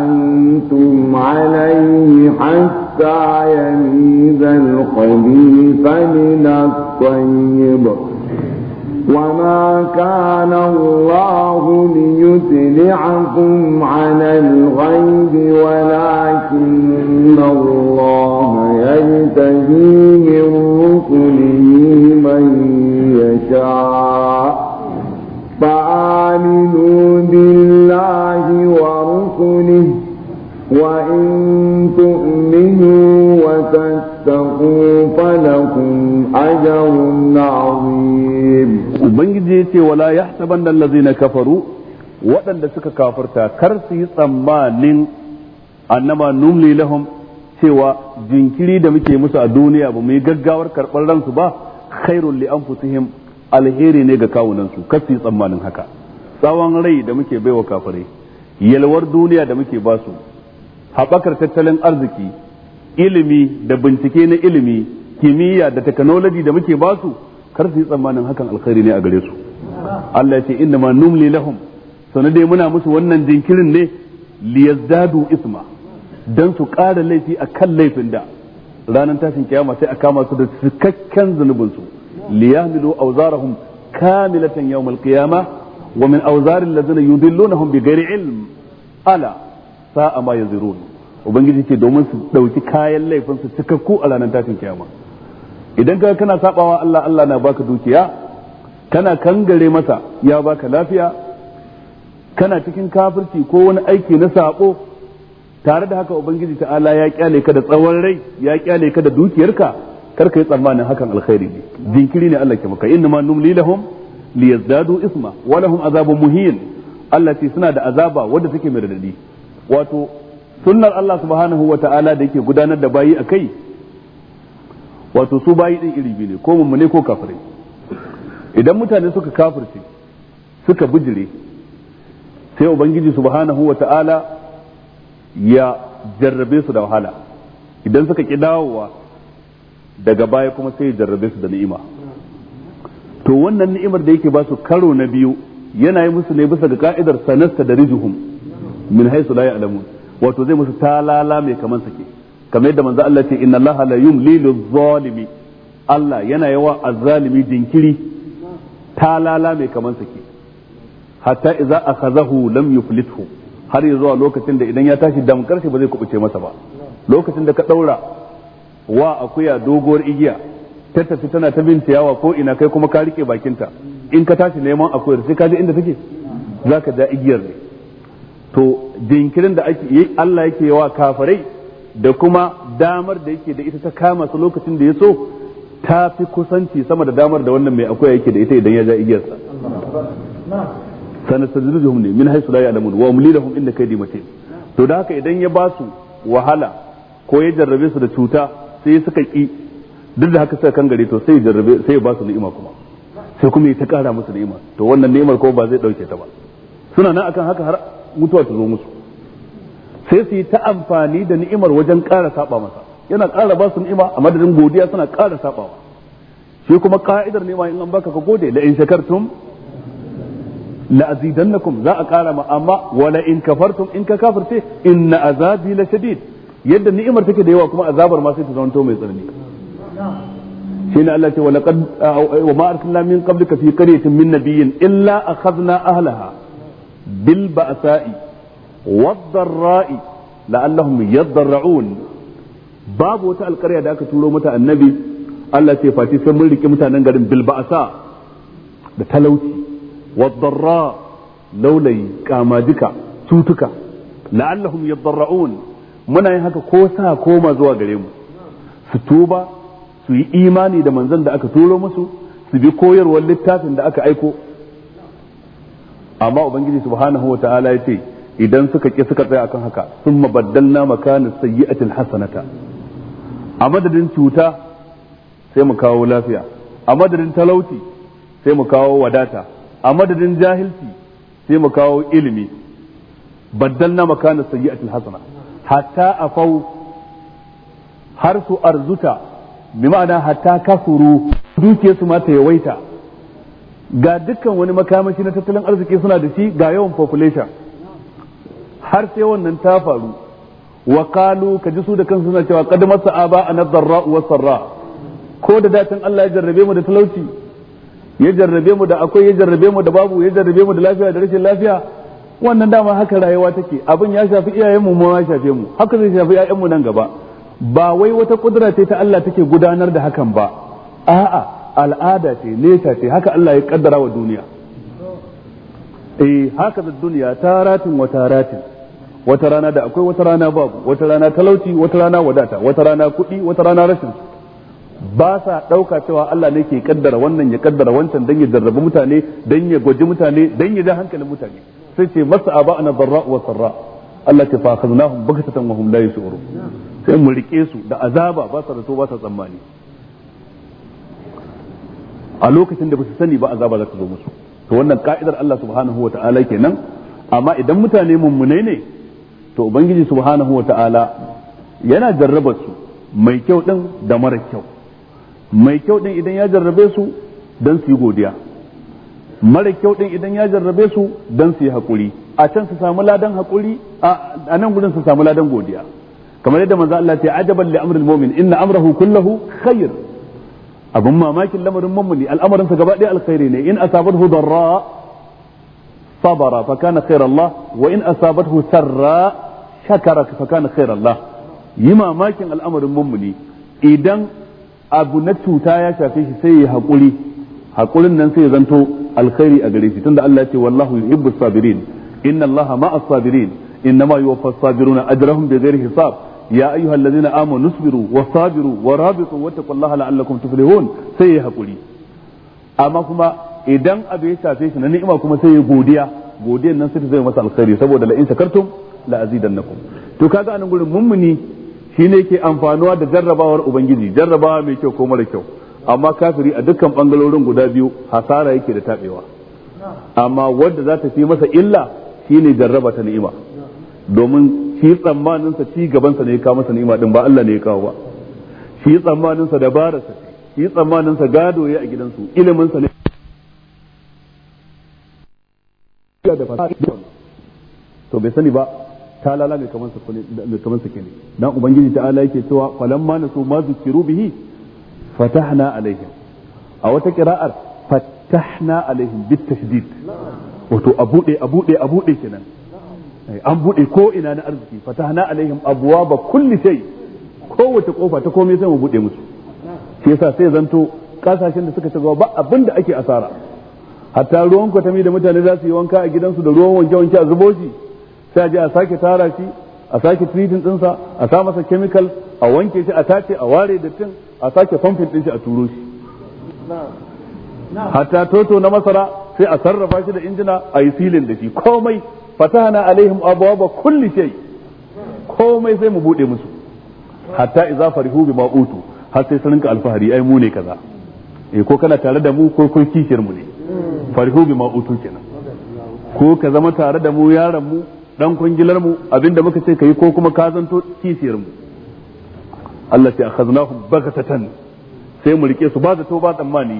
أنتم عليه حتى يميز الخبيث من الطيب وما كان الله ليطلعكم على الغيب ولكن الله يجتبي من رسله من يشاء آمنوا بالله ورسله وإن تؤمنوا وتتقوا فلكم أجر عظيم وبنجي ولا يحسبن الذين كفروا waɗanda suka kafarta kar su yi tsammanin annama numli lahum cewa jinkiri da muke musu a duniya ba mu yi gaggawar karɓar ransu ba khairul li anfusihim alheri ne ga kawunan su kar su yi tsammanin haka tsawon rai da muke baiwa kafirai yalwar duniya da muke basu haɓakar tattalin arziki ilimi da bincike na ilimi kimiyya da technology da muke basu kar su yi tsammanin hakan alkhairi ne a gare su Allah ce inna ma numli lahum sanan dai muna musu wannan jinkirin ne liyazdadu isma dan su ƙara laifi a kan laifin da ranar tashin kiyama sai a kama su da cikakken zunubinsu liyahmilu awzarahum kamilatan yawmal qiyamah wa min awzaril na yudillunahum bighairi ilm ala sa'a ma yazirun ubangiji ce domin su ɗauki kayan laifin su cikakku a ranar tashin kiyama idan ka kana sabawa Allah Allah na baka dukiya kana kangare masa ya baka lafiya kana cikin kafirci ko wani aiki na sabo tare da haka ubangiji ta'ala ya kyale ka da tsawon rai ya kyale ka da dukiyarka kar ka yi tsammanin hakan alkhairi ne jinkiri ne Allah ke maka inna ma numli lahum liyazdadu isma wa lahum azabun muhin Allah ce suna da azaba wanda suke mai radadi wato sunnar Allah subhanahu wa ta'ala da yake gudanar da bayi akai wato su bayi din iri biyu ne ko mummune ko kafirai idan mutane suka kafirce suka bijire sai ubangiji subhanahu wa ta'ala ya jarrabe su da wahala idan suka ki dawowa daga baya kuma sai ya jarrabe su da ni'ima to wannan ni'imar da yake ba su karo na biyu yana yi musu ne bisa ga ka'idar sanasta da rijuhum min haisu la ya'lamun wato zai musu talala mai kaman sake kamar yadda manzo Allah ce inna Allah la yumli zalimi Allah yana yawa azzalimi jinkiri talala mai kaman sake hatta idza akhazahu lam yuflithu har ya zuwa lokacin da idan ya tashi damkar shi ba zai kubuce masa ba lokacin da ka daura wa akuya doguwar igiya ta tafi tana ta bin ciyawa ko ina kai kuma ka rike bakinta in ka tashi neman akwai sai ka je inda take ka ja igiyar ne to jinkirin da ake yi Allah yake yawa kafarai da kuma damar da yake da ita ta kama su lokacin da ya so ta fi kusanci sama da damar da wannan mai akwai yake da ita idan ya ja igiyarsa da ne min haisu laye alamun wa umli lahum inda kai matin to da haka idan ya basu wahala ko ya jarrabe su da cuta sai suka ki duk da haka suka kan gare to sai jarrabe sai ba su ni'ima kuma sai kuma ta kara musu ni'ima to wannan ni'imar ko ba zai dauke ta ba suna nan akan haka har mutuwa ta zo musu sai su yi ta amfani da ni'imar wajen kara saba masa yana kara ba su ni'ima a madadin godiya suna kara sabawa shi kuma ka'idar ni'ima in an baka ka gode la in shakartum la azidannakum za a kara ma amma wala in kafartum in ka kafirce inna azabi la shadid yadda ni'imar take da yawa kuma azabar ma sai ta zanto mai tsanani shine Allah ce walaqad wa ma arsalna min qablika fi qaryatin illa akhadna ahlaha bil ba'sa'i wad dharra'i la'allahum babu wata alƙarya da aka turo mata annabi Allah ce fati sai mun rike mutanen garin bil da talauci wad darra laulai kamadika cutuka la'allahum yadarra'un muna yin haka ko sa koma zuwa gare mu su yi imani da manzan da aka turo musu su bi koyarwar littafin da aka aiko amma ubangiji subhanahu wa ta'ala ya ce idan suka ƙi suka tsaya akan haka sun mabaddalna makanin sayyi'atil hasanata a madadin cuta sai mu kawo lafiya a madadin talauci sai mu kawo wadata a madadin jahilci sai mu kawo ilimi baddalna makanin sayyi'atil hasana hatta afau har su arzuta bi ma'ana hatta kasuru dukiyarsu ma ta yawaita ga dukkan wani makamashi na tattalin arziki suna da shi ga yawan population har sai wannan ta faru wa kalu ka ji su da kansu suna cewa qad masa ba an darra wa sarra ko da datin Allah ya jarrabe mu da talauci ya jarrabe mu da akwai ya jarrabe mu da babu ya jarrabe mu da lafiya da rashin lafiya wannan dama haka rayuwa take abin ya shafi iyayen mu ma ya shafe mu haka zai shafi ya'yan mu nan gaba ba wai wata kudura ce ta Allah take gudanar da hakan ba a'a al'ada ce nesa ce haka Allah ya kaddara wa duniya eh haka da duniya taratin wa taratin wata rana da akwai wata rana babu wata rana talauci wata rana wadata wata rana kuɗi wata rana rashin ba sa ɗauka cewa Allah ne ke kaddara wannan ya kaddara wancan dan ya jarrabi mutane dan ya gwaji mutane dan ya da hankalin mutane sai ce masa aba'ana darra wa sarra Allah ta fa akhadnahum baghtatan wa hum la yash'urun sai mu rike su da azaba ba sa to ba sa tsammani a lokacin da ba su sani ba azaba za ta zo musu to wannan ka'idar Allah subhanahu wa ta'ala kenan amma idan mutane mummunai ne to ubangiji subhanahu wa yana jarraba su mai kyau din da mara kyau mai kyau din idan ya jarrabe su dan su yi godiya mara kyau din idan ya jarrabe su dan su yi hakuri a can su samu ladan hakuri a nan gudun su samu ladan godiya kamar yadda manzo Allah ya ajaban li amril mu'min inna amrahu kullahu khair abun mamakin lamarin mu'mini al'amarin sa gaba ɗaya alkhairi ne in asabathu darra sabara fa kana khairallah wa in asabathu sarra shakara fa kana khairallah yi mamakin al'amarin mu'mini idan abu na cuta ya shafe shi sai ya haƙuri haƙurin nan sai ya zanto alkhairi a gare shi tunda Allah ya ce wallahu yuhibbu sabirin inna Allah ma'a sabirin innama yuwaffa sabiruna ajrahum bighairi hisab ya ayyuhal ladzina amanu nusbiru wa warabitu wattaqullaha la'allakum tuflihun sai ya hakuri amma kuma idan abu ya shi na ni'ima kuma sai ya godiya godiyan nan sai ta zai masa alkhairi saboda la in la'azi la azidannakum to kaga anan gurin mummuni shine yake amfanuwa da jarrabawar ubangiji jarrabawa mai kyau ko mara kyau amma kafiri a dukkan bangarorin guda biyu hasara yake da taɓewa. amma wanda za ta fi masa illa shine jarraba ta ni'ima domin shi tsammanin sa ci gaban sa ne ya kawo masa ni'ima din ba Allah ne ya kawo ba shi tsammanin sa dabara sa shi tsammanin sa gado ya a gidansu ilimin sa ne to bai sani ba ta lalame kamar sa kamar sa kenan dan ubangiji ta'ala yake cewa falamma nasu ma zikiru bihi fatahna alaihim a wata qira'ar fatahna alaihim bit tashdid wato a bude a bude a bude kenan Eh, an buɗe ko ina na arziki fatahna alaihim abwaba kulli shay kowace kofa ta komai sai mu buɗe musu shi yasa sai zanto kasashen da suka shiga ba abin da ake asara hatta ruwan kwatami da mutane za su yi wanka a gidansu da ruwan wanke wanke a zubo shi sai a je a sake tara shi a sake treating sa a sa masa chemical a wanke shi a tace a ware da tin a sake pumping din shi a turo shi hatta toto na masara sai a sarrafa shi da injina a yi silin da shi komai fatahna alaihim abwaaba kulli shay komai sai mu bude musu hatta idza farihu bima utu har sai sun rinka alfahari ai mu ne kaza eh ko kana tare da mu ko kun kishir mu ne farihu bima utu kenan ko ka zama tare da mu yaran mu dan kungilar mu abinda muka ce kai ko kuma ka zanto kishir mu Allah ta akhaznahum bagatatan sai mu rike su ba to ba tsammani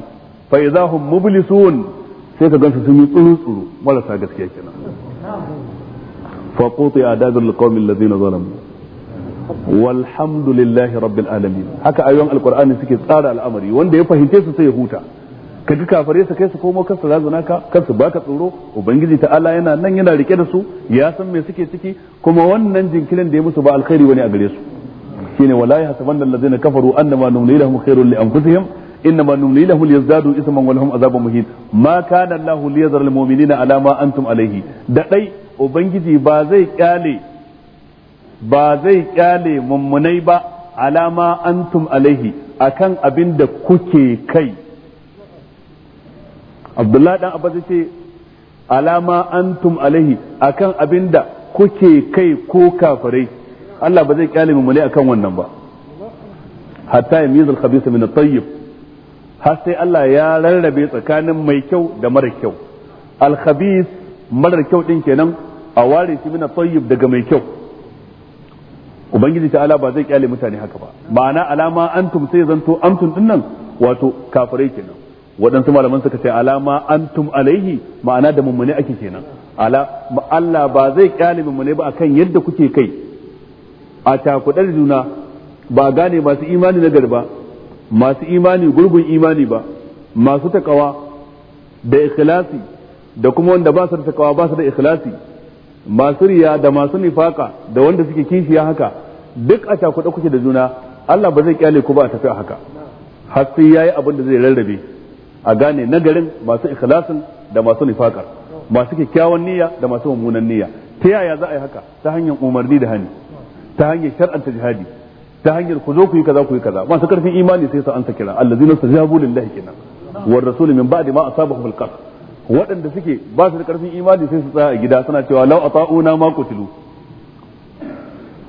fa idza hum mublisun sai ka gansu sun yi tsuru tsuru marasa gaskiya kenan فقطع دابر القوم الذين ظلموا والحمد لله رب العالمين haka ayoyin alqur'ani suke tsara al'amari wanda ya fahimce su sai ya huta kaji kafare su kai su komo kansu razana ka kansu baka tsoro ubangiji ta'ala yana nan yana rike da su ya san me suke ciki kuma wannan jinkirin da ya musu ba alkhairi wani a gare su shine wala yahsabanna allazina kafaru annama numli lahum khairul li anfusihim إنما نملي له ليزدادوا إثما ولهم عذاب مهين ما كان الله ليذر المؤمنين على ما أنتم عليه da dai ubangiji ba zai kyale ba zai kyale mummunai ba alama antum alaihi akan abin da kuke kai abdullahi dan abba ce alama antum alaihi akan abin da kuke kai ko kafirai Allah ba zai kyale mummunai akan wannan ba hatta yamizul khabisa min at-tayyib har sai Allah ya rarrabe tsakanin mai kyau da mara kyau al-khabith marar kyau din kenan a ware shi mina tayyib daga mai kyau ubangiji ta ala ba zai kyale mutane haka ba ma'ana alama antum sai zanto antum din nan wato kafirai kenan waɗansu malaman suka ce alama antum alaihi ma'ana da mummune ake kenan ala Allah ba zai kyale mummune ba akan yadda kuke kai a takudar juna ba gane masu imani na garba masu imani gurgun imani ba masu takawa da ikhlasi da kuma wanda ba su da takawa ba su da ikhlasi masu riya da masu nifaka da wanda suke kishiya haka duk a cakuɗa kuke da juna Allah ba zai kyale ku ba a tafi a haka har sai yayi abin da zai rarrabe a gane nagarin masu ikhlasin da masu nifaka masu kyakkyawan niyya da masu mummunan niyya ta yaya za a yi haka ta hanyar umarni da hani ta hanyar shar'anta jihadi ta hanyar ku zo ku yi kaza ku yi kaza masu karfin imani sai su ansa kira allazina stajabu lillahi kenan war rasul min ba'di ma asabahu bil qasr waɗanda suke ba su da ƙarfin imani sai su tsaya a gida suna cewa lau a ma kutilu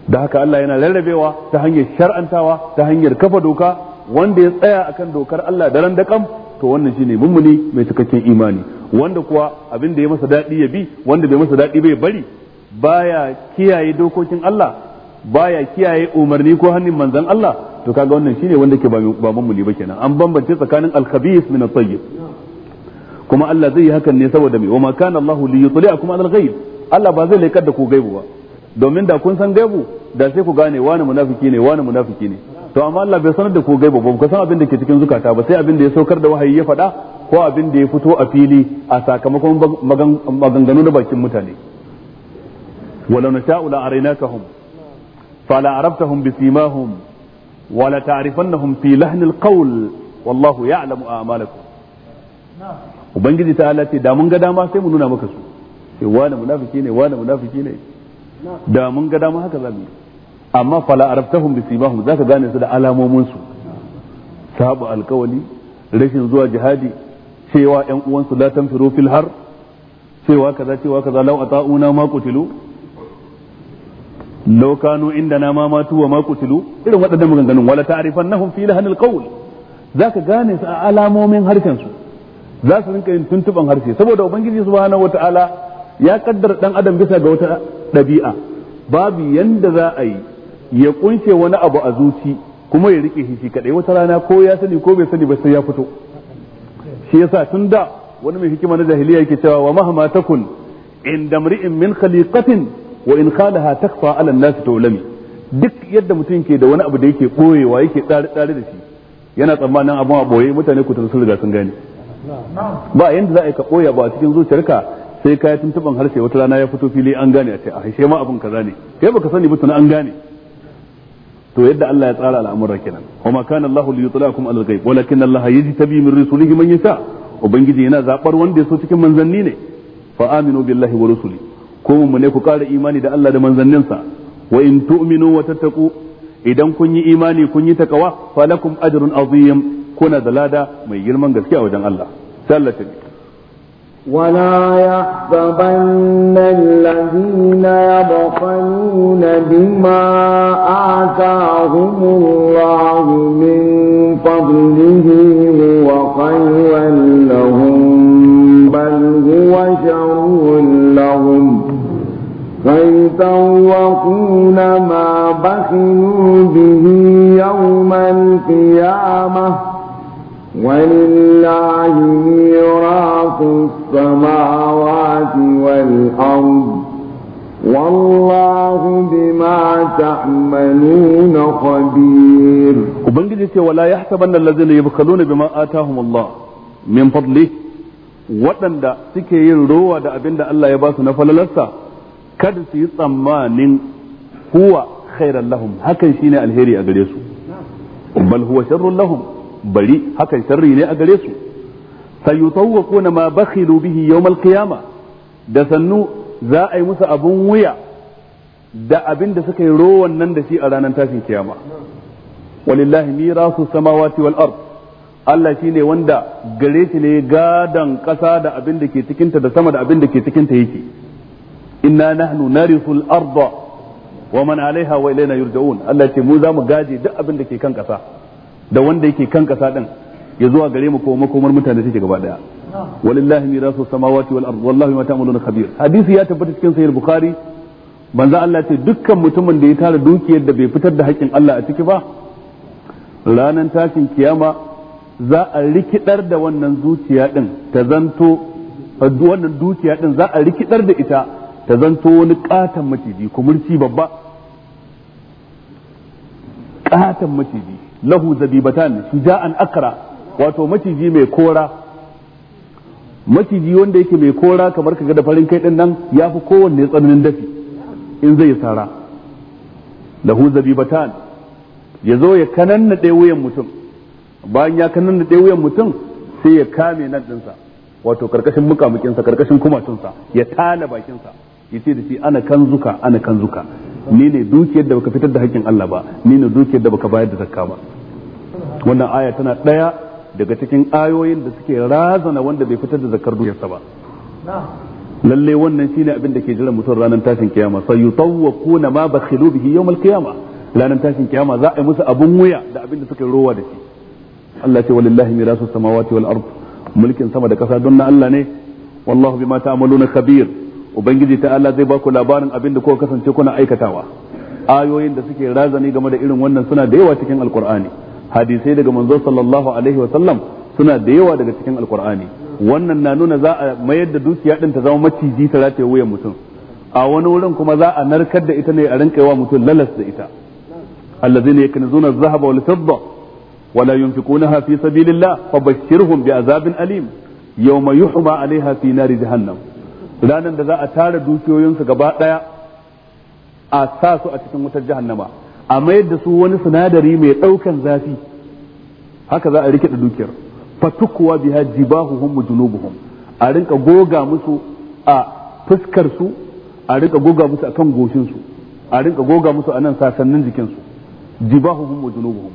da haka Allah yana rarrabewa ta hanyar shar'antawa ta hanyar kafa doka wanda ya tsaya akan dokar Allah da da kam to wannan shine mummuni mai cikakken imani wanda kuwa abin da ya masa daɗi ya bi wanda bai masa daɗi bai bari baya kiyaye dokokin Allah baya kiyaye umarni ko hannun manzon Allah to kaga wannan shine wanda ke ba mummuni ba kenan an bambance tsakanin al-khabith min at kuma Allah zai yi hakan ne saboda mai wa ma kana Allahu li yutli'akum alal ghaib Allah ba zai laikar da ku gaibu ba domin da kun san gaibu da sai ku gane wani munafiki ne wani munafiki ne to amma Allah bai sanar da ku gaibu ba ku san abin da ke cikin zukata ba sai abin da ya saukar da wahayi ya faɗa ko abin da ya fito a fili a sakamakon maganganu na bakin mutane walau nasha'u la araynakahum fala araftahum bisimahum wala ta'rifannahum fi lahnil qawl wallahu ya'lamu a'malakum ubangiji ta Allah ce da mun ga dama sai mu nuna maka su sai wani munafiki ne wani munafiki ne da mun ga dama haka zamu yi amma fala arabtahum bi sibahum zaka gane su da alamomin su sabu alkawali rashin zuwa jihadi cewa ƴan uwansu la tanfiru fil har cewa kaza cewa kaza law ata'una ma qutilu law kanu indana ma matu wa ma qutilu irin waɗannan maganganun wala ta'rifannahum fi lahanil qawl zaka gane su a alamomin harkan su za su rinka yin tuntuban harshe saboda ubangiji subhanahu wataala ya kaddara dan adam bisa ga wata ɗabi'a babu yanda za a yi ya kunshe wani abu a zuci kuma ya rike shi kadai wata rana ko ya sani ko bai sani ba sai ya fito shi yasa tun da wani mai hikima na jahiliya yake cewa wa mahma takun inda mri'in min khaliqatin wa in khalaha takfa ala an-nas tawlami duk yadda mutum ke da wani abu da yake boyewa yake tsare tsare da shi yana tsammanin abun a boye mutane ku sun riga sun gane ba yanda za a yi ka koya ba cikin zuciyarka sai ka yi tuntuban harshe wata rana ya fito fili an gane a ce a haishe ma abin kaza ne kai baka sani ba tuna an gane to yadda Allah ya tsara al'amuran kenan wa ma kana Allahu li yutlakum alal ghaib walakin Allah yajtabi min rusulihi man yasha ubangiji yana zabar wanda yaso cikin manzanni ne fa aminu billahi wa rusuli ko mun ne ku kara imani da Allah da manzanninsa wa in tu'minu wa tattaqu idan kun yi imani kun yi takawa falakum ajrun azim kuna da lada mai girman gaskiya wajen Allah sallatin ولا يحسبن الذين يبخلون بما آتاهم الله من فضله هو خيرا لهم بل هو شر لهم كيف وقون ما بخلوا به يوم القيامه ولله ميراث السماوات والأرض والله بما تعملون خبير وبنجي ولا يحسبن الذين يبخلون بما آتاهم الله من فضله waɗanda suke yin rowa da abin da Allah ya ba su na falalarsa kada su yi tsammanin huwa khairan lahum hakan shine alheri a gare su bal huwa sharrun lahum bari hakan sharri ne a gare su sayutawwaquna ma bakhilu bihi yawm al-qiyama da sannu za a yi musu abun wuya da abin da suka yi rowan nan da shi a ranar tashin kiyama walillahi mirasu samawati wal ard Allah shine wanda gare shi ne gadan ƙasa da abin da ke cikinta da sama da abin da ke cikinta yake inna nahnu narisul arda wa man alaiha wa ilaina yurja'un Allah ce mu za mu gaje duk abin da ke kan ƙasa da wanda yake kan kasa din ya zuwa gare mu ko makomar mutane take gaba daya walillahi mirasu samawati wal ard Wallahi ma ta'maluna khabir hadisi ya tabbata cikin sahih bukhari manzo Allah ce dukkan mutumin da ya tara dukiyar da bai fitar da haƙƙin Allah a ciki ba ranan tashin kiyama za a rikidar da wannan zuciya din ta zanto wannan dukiya din za a rikidar da ita ta zanto wani katon maciji kumurci babba katon maciji lahu zabibatan shuja'an akra wato maciji mai kora maciji wanda yake mai kora kamar kaga da farin kai din nan yafi kowanne tsananin dafi in zai sara lahu zabibatan ya zo ya kananna wuyan mutum bayan ya kananna wuyan mutum sai ya kame nan dinsa wato karkashin mukamukinsa karkashin kumatunsa ya tala bakinsa yace da shi ana kanzuka ana kanzuka ni ne dukiyar da baka fitar da hakkin Allah ba ni ne dukiyar da baka bayar da zakka ba wannan aya tana daya daga cikin ayoyin da suke razana wanda bai fitar da zakar dukiyarsa ba lalle wannan shine abin da ke jiran mutum ranar tashin kiyama sai yutawwaquna ma bakhilu bihi yawmal qiyama ranar tashin kiyama za a yi musu abun wuya da abin da suka rowa da shi Allah ce walillahi mirasu samawati wal ard mulkin sama da kasa don na Allah ne wallahu bima ta'maluna khabir ubangiji ta Allah zai ku labarin abin da kuka kasance kuna aikatawa ayoyin da suke razani game da irin wannan suna da yawa cikin alqur'ani hadisai daga manzo sallallahu alaihi wa sallam suna da yawa daga cikin alqur'ani wannan na nuna za a mayar da dukiya din ta zama maciji ta rataye wuyan mutum a wani wurin kuma za a narkar da ita ne a rinka yawa mutum lalas da ita allazina yaknizuna adh-dhahaba wal fidda ولا ينفقونها في سبيل الله فبشرهم alim أليم يوم Alayha fi na نار جهنم ranar da za a tara dukiyoyinsu gaba ɗaya a sa su a cikin wutar jahannama a mayar da su wani sinadari mai ɗaukan zafi haka za a rike da dukiyar fatukuwa biha jibahuhum mu junubuhum a rinka goga musu a fuskar a rinka goga musu a goshin su a rinka goga musu anan sasannin jikin su jibahuhum mu junubuhum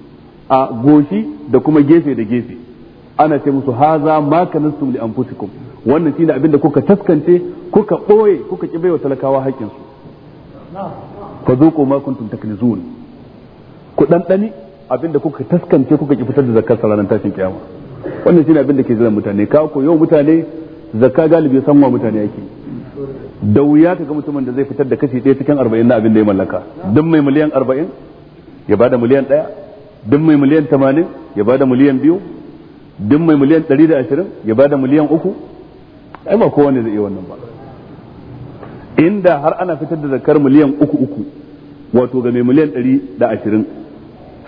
a goshi da kuma gefe da gefe ana ce musu haza ma kanastum li anfusikum wannan shine abinda kuka taskance kuka boye kuka ki baiwa talakawa haƙƙin su fa zuqu ma kuntum taknizun ku abin abinda kuka taskance kuka ki fitar da zakar ranar tashin kiyama wannan shine abinda ke jiran mutane ka ko yau mutane zakka galibi san wa mutane yake da wuya ka ga mutumin da zai fitar da kashi ɗaya cikin arba'in na abin da ya mallaka duk mai miliyan arba'in ya bada miliyan ɗaya duk mai miliyan tamanin ya bada miliyan biyu duk mai miliyan ɗari da ashirin ya bada miliyan uku ai ba kowane zai iya wannan ba inda har ana fitar da zakar miliyan uku uku wato ga mai miliyan ɗari da ashirin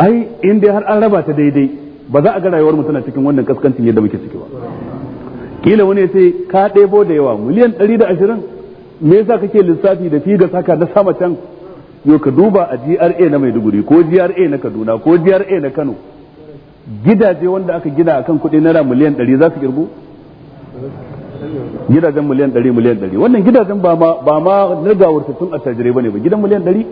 ai inda har an raba ta daidai ba za a ga rayuwar mutuna tana cikin wannan kaskancin yadda muke ciki ba kila wani ya ce ka ɗebo da yawa miliyan ɗari da ashirin me yasa kake lissafi da figas saka na sama can yau ka duba a GRA na Maiduguri ko GRA na Kaduna ko GRA na Kano gidaje wanda aka gina akan kuɗi naira miliyan ɗari za su girbu gidajen miliyan ɗari miliyan ɗari wannan gidajen ba ma ba ma na gawartattun attajirai bane ba gidan miliyan ɗari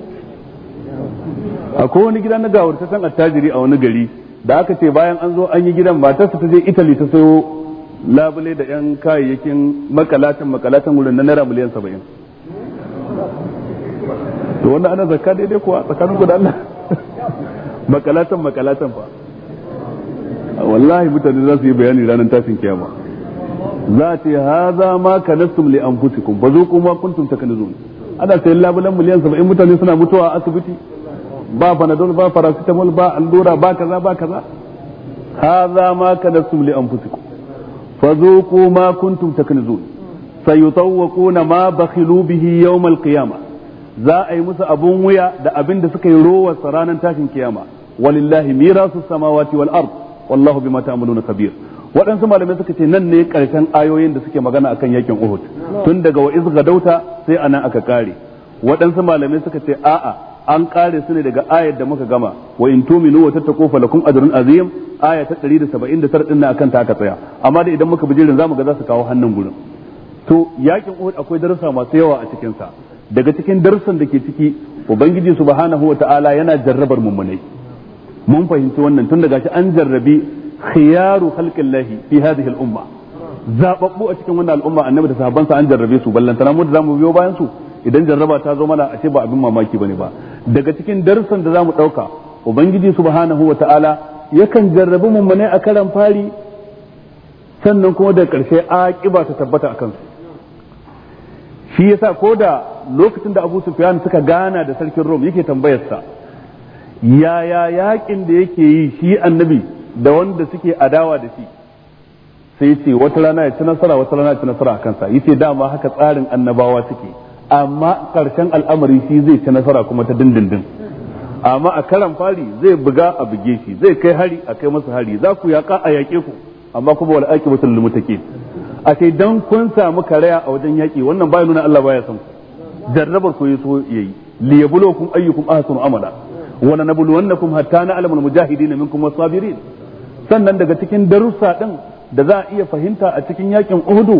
akwai wani gidan na gawartattun attajiri a wani gari da aka ce bayan an zo an yi gidan matarsa ta je Italy ta sayo labule da yan kayayyakin makalatan makalatan wurin na naira miliyan saba'in to wannan ana zakka daidai kuwa tsakanin ku da Allah makalatan makalatan fa wallahi mutane za su yi bayani ranar tashin kiyama za ta yi haza ma kanastum li anfusikum ba zo kuma kuntum takanizun ana sayan labulan miliyan saba'in mutane suna mutuwa a asibiti ba panadol ba paracetamol ba allura ba kaza ba kaza haza ma kanastum li anfusikum fa zuqu ma kuntum takanizun sayutawquna ma bakhilu bihi yawm al za a yi musu abun wuya da abin da suka yi rowar ranar tashin kiyama walillahi mirasu samawati wal ard wallahu bima ta'maluna kabir waɗansu malamai suka ce nan ne ƙarshen ayoyin da suke magana akan yakin Uhud tun daga wa iz gadauta sai anan aka kare waɗansu malamai suka ce a'a an kare su ne daga ayar da muka gama wa in tuminu wa tattaqu falakum ajrun azim aya ta 179 din nan akan ta aka tsaya amma da idan muka bijirin zamu ga za su kawo hannun gurin to yakin Uhud akwai darussa masu yawa a cikin sa daga cikin darussan da ke ciki ubangiji subhanahu wa ta'ala yana jarrabar mummunai mun fahimci wannan tun daga shi an jarrabi khiyaru khalqillahi fi hadhihi al-umma zababbu a cikin wannan al'umma annabi da sahabban an jarrabe su ballantana mu da zamu biyo bayan su idan jarraba ta zo mana ce ba abin mamaki bane ba daga cikin darussan da zamu dauka ubangiji subhanahu wa ta'ala yakan jarrabi mummune a karan fari sannan kuma da karshe kiba ta tabbata akan su shi yasa ko da lokacin da Abu Sufyan suka gana da sarkin rom yake tambayar sa yaya yakin da yake yi shi annabi da wanda suke adawa da shi sai ce wata rana ya ci nasara wata rana ya ci nasara a kansa yace dama haka tsarin annabawa suke amma karshen al'amari shi zai ci nasara kuma ta dindindin amma a karan fari zai buga a buge shi zai kai hari a kai masa hari za ku yaƙa a yaƙe ku amma kuma wal aqibatu lumu muttaqin a sai dan kun samu karaya a wajen yaƙi wannan baya nuna Allah baya son ku jarrabar ku yaso yayi li yabluwakum ayyukum ahsanu amala wa lanabluwannakum hatta na'lamul mujahidin minkum was-sabirin sannan daga cikin darussa din da za a iya fahimta a cikin yakin uhudu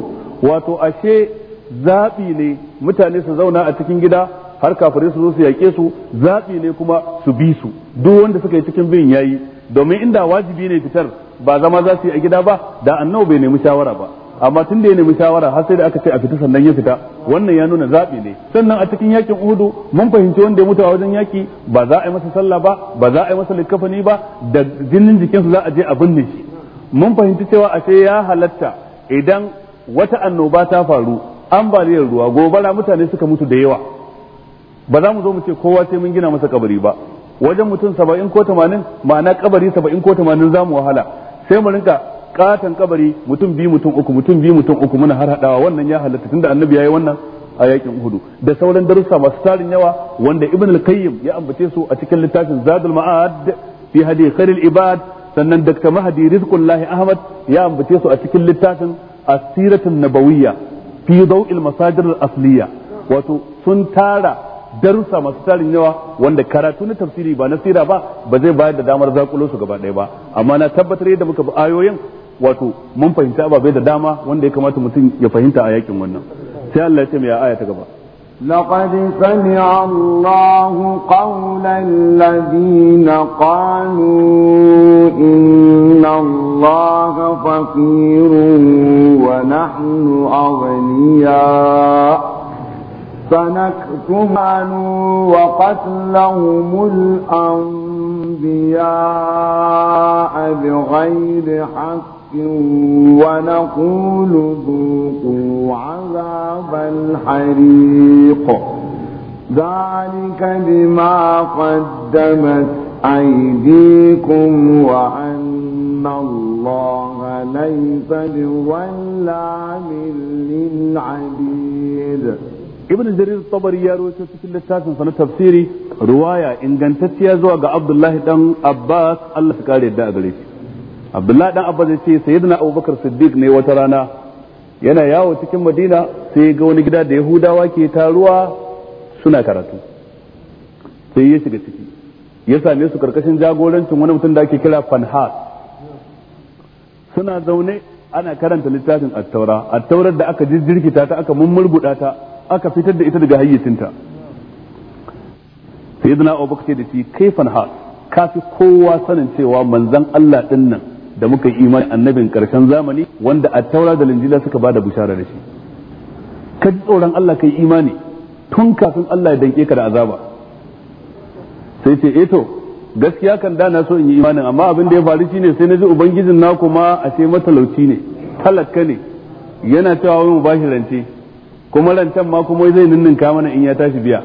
wato ashe zaɓi ne mutane su zauna a cikin gida har kafirai su zo su yaƙe su zaɓi ne kuma su bi su duk wanda suka yi cikin bin yayi domin inda wajibi ne fitar ba zama za su yi a gida ba da annabi bai nemi shawara ba amma tun da ya nemi shawara har sai da aka ce a fita sannan ya fita wannan ya nuna zaɓi ne sannan a cikin yakin uhudu mun fahimci wanda ya mutu a wajen yaki ba za a yi masa sallah ba ba za a yi masa likafani ba da jinin jikinsu za a je a binne shi mun fahimci cewa a ce ya halatta idan wata annoba ta faru ambaliyar ruwa gobara mutane suka mutu da yawa ba za mu zo mu ce kowa sai mun gina masa kabari ba wajen mutum saba'in ko tamanin ma'ana kabari saba'in ko tamanin za mu wahala sai mu rinka katan kabari mutum bi mutum uku mutum bi mutum uku muna har hadawa wannan ya halatta tunda annabi yayi wannan a yakin uhudu da sauran darussa masu tarin yawa wanda Ibn al-Qayyim ya ambace su a cikin littafin Zadul Ma'ad fi hadi khairil ibad sannan Dr. Mahdi Rizqullahi Ahmad ya ambace su a cikin littafin Asiratun Nabawiyya fi daw'il masajir al-asliya wato sun tara darussa masu tarin yawa wanda karatu na tafsiri ba na sira ba ba zai bayar da damar zakulo su gaba ɗaya ba amma na tabbatar yadda muka bi ayoyin wato mun fahimta ababe da dama wanda ya kamata mutum ya fahimta a yakin wannan sai Allah ya ce mai aya ta gaba لقد سمع الله قول الذين قالوا إن الله فقير ونحن أغنياء فنكتب وقتلهم الأنبياء بغير حق ونقول ذوقوا عذاب الحريق ذلك بما قدمت أيديكم وأن الله ليس بظلام للعبيد ibn jarir tabari ya rawaito cikin littafin sa na tafsiri ruwaya ingantacciya zuwa ga abdullahi ɗan abbas Allah ya kare da a gare abdullah dan abbas ya ce sayyidina abubakar siddiq ne wata rana yana yawo cikin madina sai ga wani gida da yahudawa ke taruwa suna karatu sai ya shiga ciki ya same su karkashin jagorancin wani mutum da ake kira fanha suna zaune ana karanta littafin attaura attaurar da aka jirkita ta aka mummurguda ta aka fitar da ita daga hayyacinta sai zana abubakar ce da shi kai fanha kafi kowa sanin cewa manzan allah din nan da muka yi imani annabin karshen zamani wanda a taura da linjila suka bada bushara da shi ka ji tsoron Allah ka yi imani tun kafin Allah ya danke ka da azaba sai ce eh to gaskiya kan da na so in yi imanin amma abin da ya faru shine sai na ji ubangijin na kuma a ce matalauci ne talaka ne yana cewa wani bashi rance kuma rancen ma kuma zai ninninka mana in ya tashi biya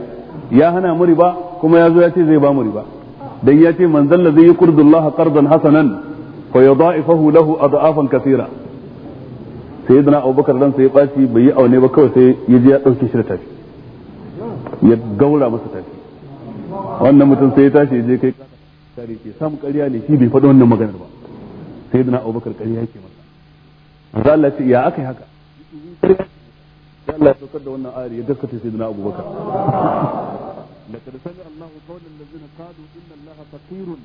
ya hana mu riba kuma ya zo ya ce zai ba mu riba dan ya ce man zalla zai yi Allah qardan hasanan fa yudha'ifahu lahu adhafan kathira sayyidina abubakar dan sai ya baci bai yi aune ba kawai sai ya je ya dauke shi da tafi ya gaura masa wannan mutum sai ya tashi ya je kai kare ke sam kariya ne shi bai faɗi wannan maganar ba sai dana abubakar ƙarya yake masa manzo Allah ce ya akai haka sai Allah ya saukar da wannan ayar ya gaskata sai dana abubakar sami Allahu qawlan allazina qalu inna Allaha faqirun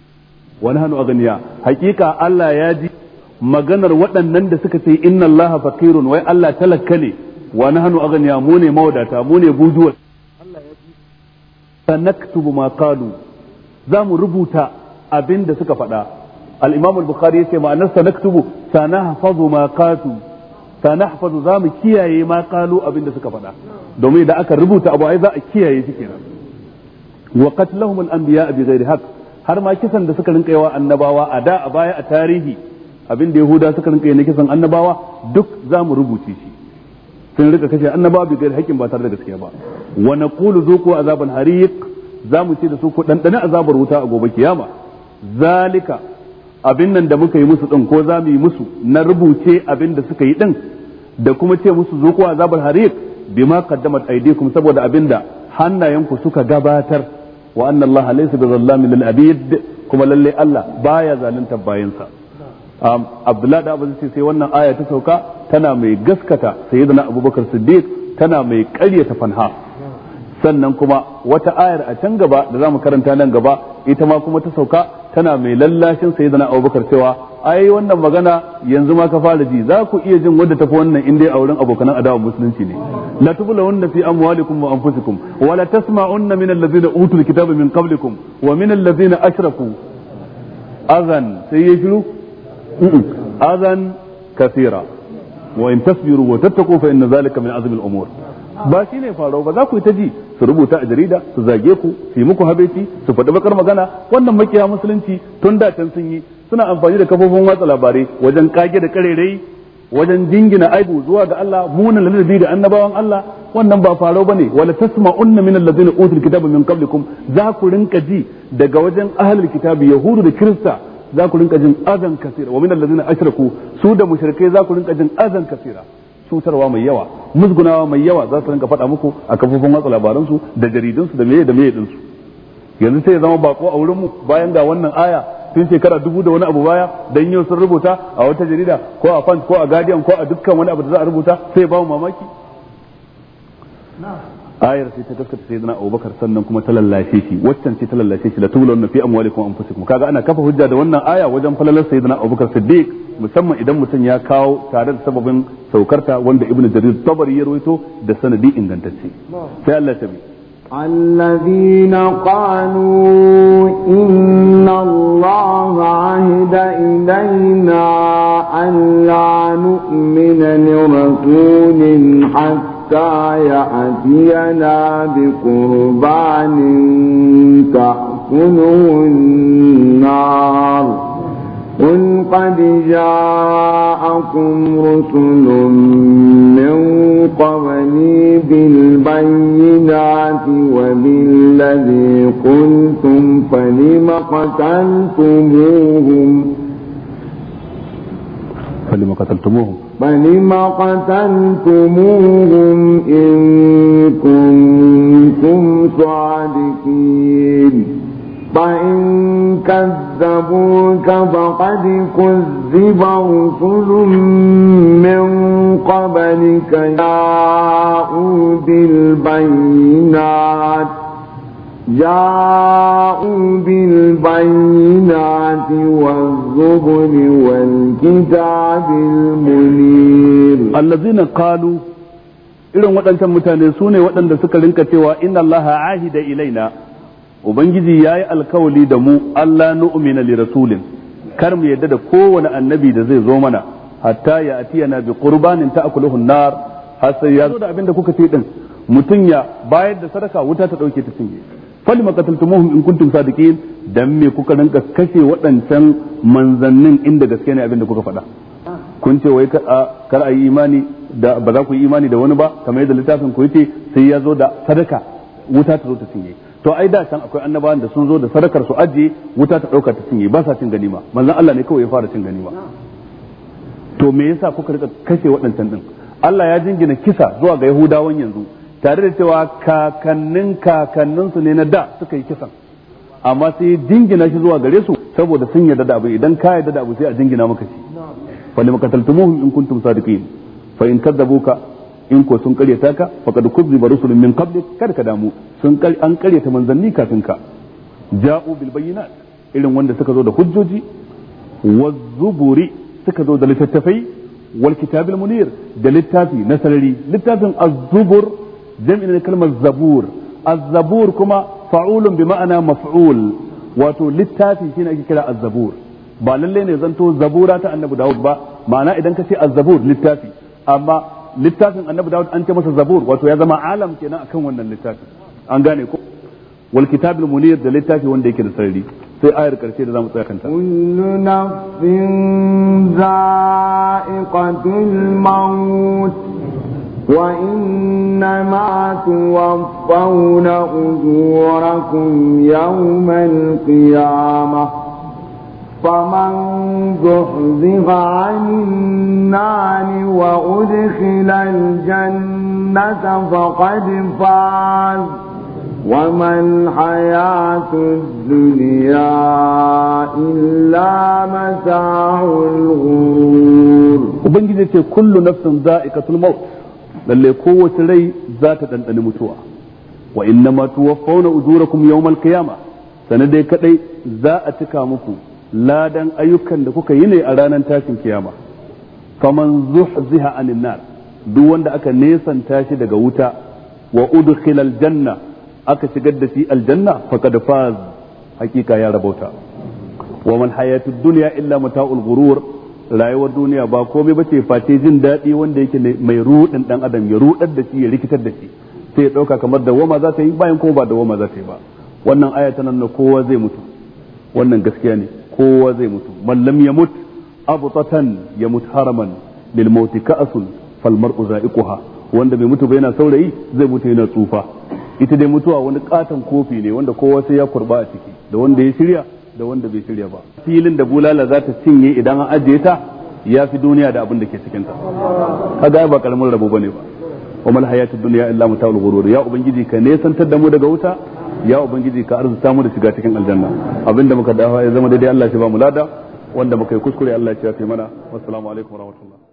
wa nahnu aghniya hakika Allah ya ji maganar waɗannan da suka ce inna Allah faqirun wai Allah talakka ne wa nahnu aghniya mu ne mawadata mu ne bujuwa Allah ya ji sanaktubu ma qalu za mu rubuta abin da suka faɗa al-Imam al-Bukhari yace ma'anar sanaktubu sanahfazu ma qatu sanahfazu za mu kiyaye ma qalu abin da suka faɗa domin idan aka rubuta abu ai za a kiyaye shi kenan wa qatlahum al-anbiya bi ghairi haqq har ma kisan da suka rinka yawa annabawa a da a baya a tarihi abin da yahuda suka rinka yi na kisan annabawa duk za mu rubuce shi sun rika kashe annabawa bai gari hakkin ba tare da gaskiya ba wa naqulu zuqu azaban hariq za mu ce da su ku dandana azabar wuta a gobe kiyama zalika abin nan da muka yi musu din ko za mu yi musu na rubuce abin da suka yi din da kuma ce musu zuqu azabar hariq bima qaddamat aidikum saboda abin da hannayenku suka gabatar wa anna Allah laysa zallamin lil abid kuma lalle Allah baya zalunta bayansa um, Abdullahi da Abu sai wannan aya ta sauka tana mai gaskata sayyidina Abubakar Siddiq tana mai ta fanha sannan kuma wata ayar a can gaba da zamu karanta nan gaba ita ma kuma ta sauka tana mai lallashin sayyidina abubakar cewa ai wannan magana yanzu ma ka fara ji za ku iya jin wadda tafi wannan in dai a wurin abokanan adawa musulunci ne la tublawunna fi amwalikum wa anfusikum wa la tasma'unna min allazina utul kitaba min qablikum wa min allazina ashraku azan sai ya shiru azan kasira wa in tasbiru wa tattaqu fa inna zalika min azmi al-umur ba shine faro ba za ku yi ta ji su rubuta a jarida su zage ku su yi muku habeci su faɗi bakar magana wannan makiya musulunci tun da can sun yi suna amfani da kafofin watsa labarai wajen kage da karerai wajen jingina aibu zuwa ga Allah munan ladabi da annabawan Allah wannan ba faro bane wala tasma'unna min allazina utul kitaba min qablikum za ku rinka ji daga wajen ahlul kitabi yahudu da kirista za ku rinka jin azan kasira wa min allazina ashraku su da mushrikai za ku rinka jin azan kasira cutarwa mai yawa musgunawa mai yawa za su rinka faɗa muku a kafofin watsa labaransu da jaridunsu da meye da meye dinsu yanzu sai ya zama bako a wurinmu bayan ga wannan aya tun shekara dubu da wani abu baya dan yau sun rubuta a wata jarida ko a fan ko a guardian ko a dukkan wani abu da za a rubuta sai ba mu mamaki ayar sai ta sai sayyidina Abubakar sannan kuma ta lallashe shi waccan ce ta lallashe shi tulon na fi amwalikum anfusikum kaga ana kafa hujja da wannan aya wajen falalar sayyidina Abubakar Siddiq musamman idan mutum ya kawo tare da sababin saukarta wanda Ibn Jarir Tabari ya rawaito da sanadi ingantacce sai Allah ta bi الذين قالوا إن الله عهد إلينا ألا نؤمن لرسول حتى حتى يأتينا بقربان تأكله النار قل قد جاءكم رسل من قبلي بالبينات وبالذي قلتم فلم قتلتموهم فلم قتلتموهم فلم قتلتموهم إن كنتم صادقين فإن كذبوك فقد كذب رسل من قبلك جاءوا بالبينات جاءوا بالبينات والزبر والكتاب المنير الذين قالوا irin waɗancan mutane su ne waɗanda suka rinka cewa inna allaha ahida ilaina ubangiji ya yi alkawali da mu allah nu'mina li rasulin kar mu yadda da kowane annabi da zai zo mana hatta ya yana bi qurbanin ta'kuluhu nar har sai ya zo da abin da kuka ce din mutum ya bayar da sadaka wuta ta dauke ta cinye fali maqataltumuhum in kuntum sadiqin dan me kuka rinka kashe waɗancan manzannin inda gaske ne abin da kuka faɗa kun ce wai kar a yi imani da ba za ku yi imani da wani ba kamar yadda littafin ku yace sai ya zo da sadaka wuta ta zo ta cinye to ai da can akwai annabawan da sun zo da sadakar su ajiye wuta ta dauka ta cinye ba sa cin ganima manzon Allah ne kawai ya fara cin ganima to me yasa kuka rinka kashe waɗancan din Allah ya jingina kisa zuwa ga Yahudawan yanzu tare da cewa kakannin kakanninsu ne na da suka yi kisan amma sai dingina shi zuwa gare su saboda sun yarda da abu idan ka yarda da sai a dingina maka shi fa lima qataltumuhum in kuntum sadiqin fa in kadzabuka in ko sun karyata ka faqad kuzziba rusulun min qablik kada ka damu sun an karyata manzanni kafin ka ja'u bil bayyinat irin wanda suka zo da hujjoji wazzuburi suka zo da littattafai wal kitabil munir da littafi na sarari littafin az-zubur jam'in kalmar zabur az-zabur kuma fa'ulun bi ma'ana maf'ul wato littafi shine ake kira az-zabur ba lalle ne zanto zabura ta annabi Dawud ba ma'ana idan ka ce az-zabur littafi amma littafin annabi Dawud an ce masa zabur wato ya zama alam kenan akan wannan littafin an gane ko wal kitabul munir da littafi wanda yake da sarari sai ayar karshe da zamu tsaya kanta kullu nafsin za'iqatul maut وإنما توفون أجوركم يوم القيامة فمن زحزح عن النار وأدخل الجنة فقد فاز وما الحياة الدنيا إلا متاع الغرور وبنجد كل نفس ذائقة الموت lalle kowace rai za ta ɗanɗani mutuwa wa inna ma tuwaffawna ujurakum yawmal qiyamah dai kadai za a cika muku ladan ayyukan da kuka yi ne a ranar tashin kiyama faman zuhziha anin nar duk wanda aka nesanta shi daga wuta wa udkhila janna aka shigar da shi aljanna faqad faz hakika ya rabauta wa man hayatud dunya illa mata'ul ghurur rayuwar duniya ba komai ba ce face jin daɗi wanda yake mai ruɗin ɗan adam ya ruɗar da shi ya rikitar da shi sai ya ɗauka kamar da wama za ta yi bayan ko ba da wama za ta yi ba wannan aya ta nan na kowa zai mutu wannan gaskiya ne kowa zai mutu mallam ya mut abtatan ya mut haraman lil mauti ka'asun fal mar'u za'iquha wanda bai mutu ba yana saurayi zai mutu yana tsufa ita dai mutuwa wani katon kofi ne wanda kowa sai ya kurba a ciki da wanda ya shirya da wanda bai shirya ba filin da bulala za ta cinye idan an ajiye ta ya fi duniya da abin da ke cikin ta kaga ba karamin rabo bane ba wa mal hayatud dunya illa mata'ul ghurur ya ubangiji ka nesantar da mu daga wuta ya ubangiji ka arzuta mu da shiga cikin aljanna Abin da muka dawo ya zama daidai Allah shi ba mu lada wanda muka yi kuskure Allah ya ce mana assalamu alaikum warahmatullahi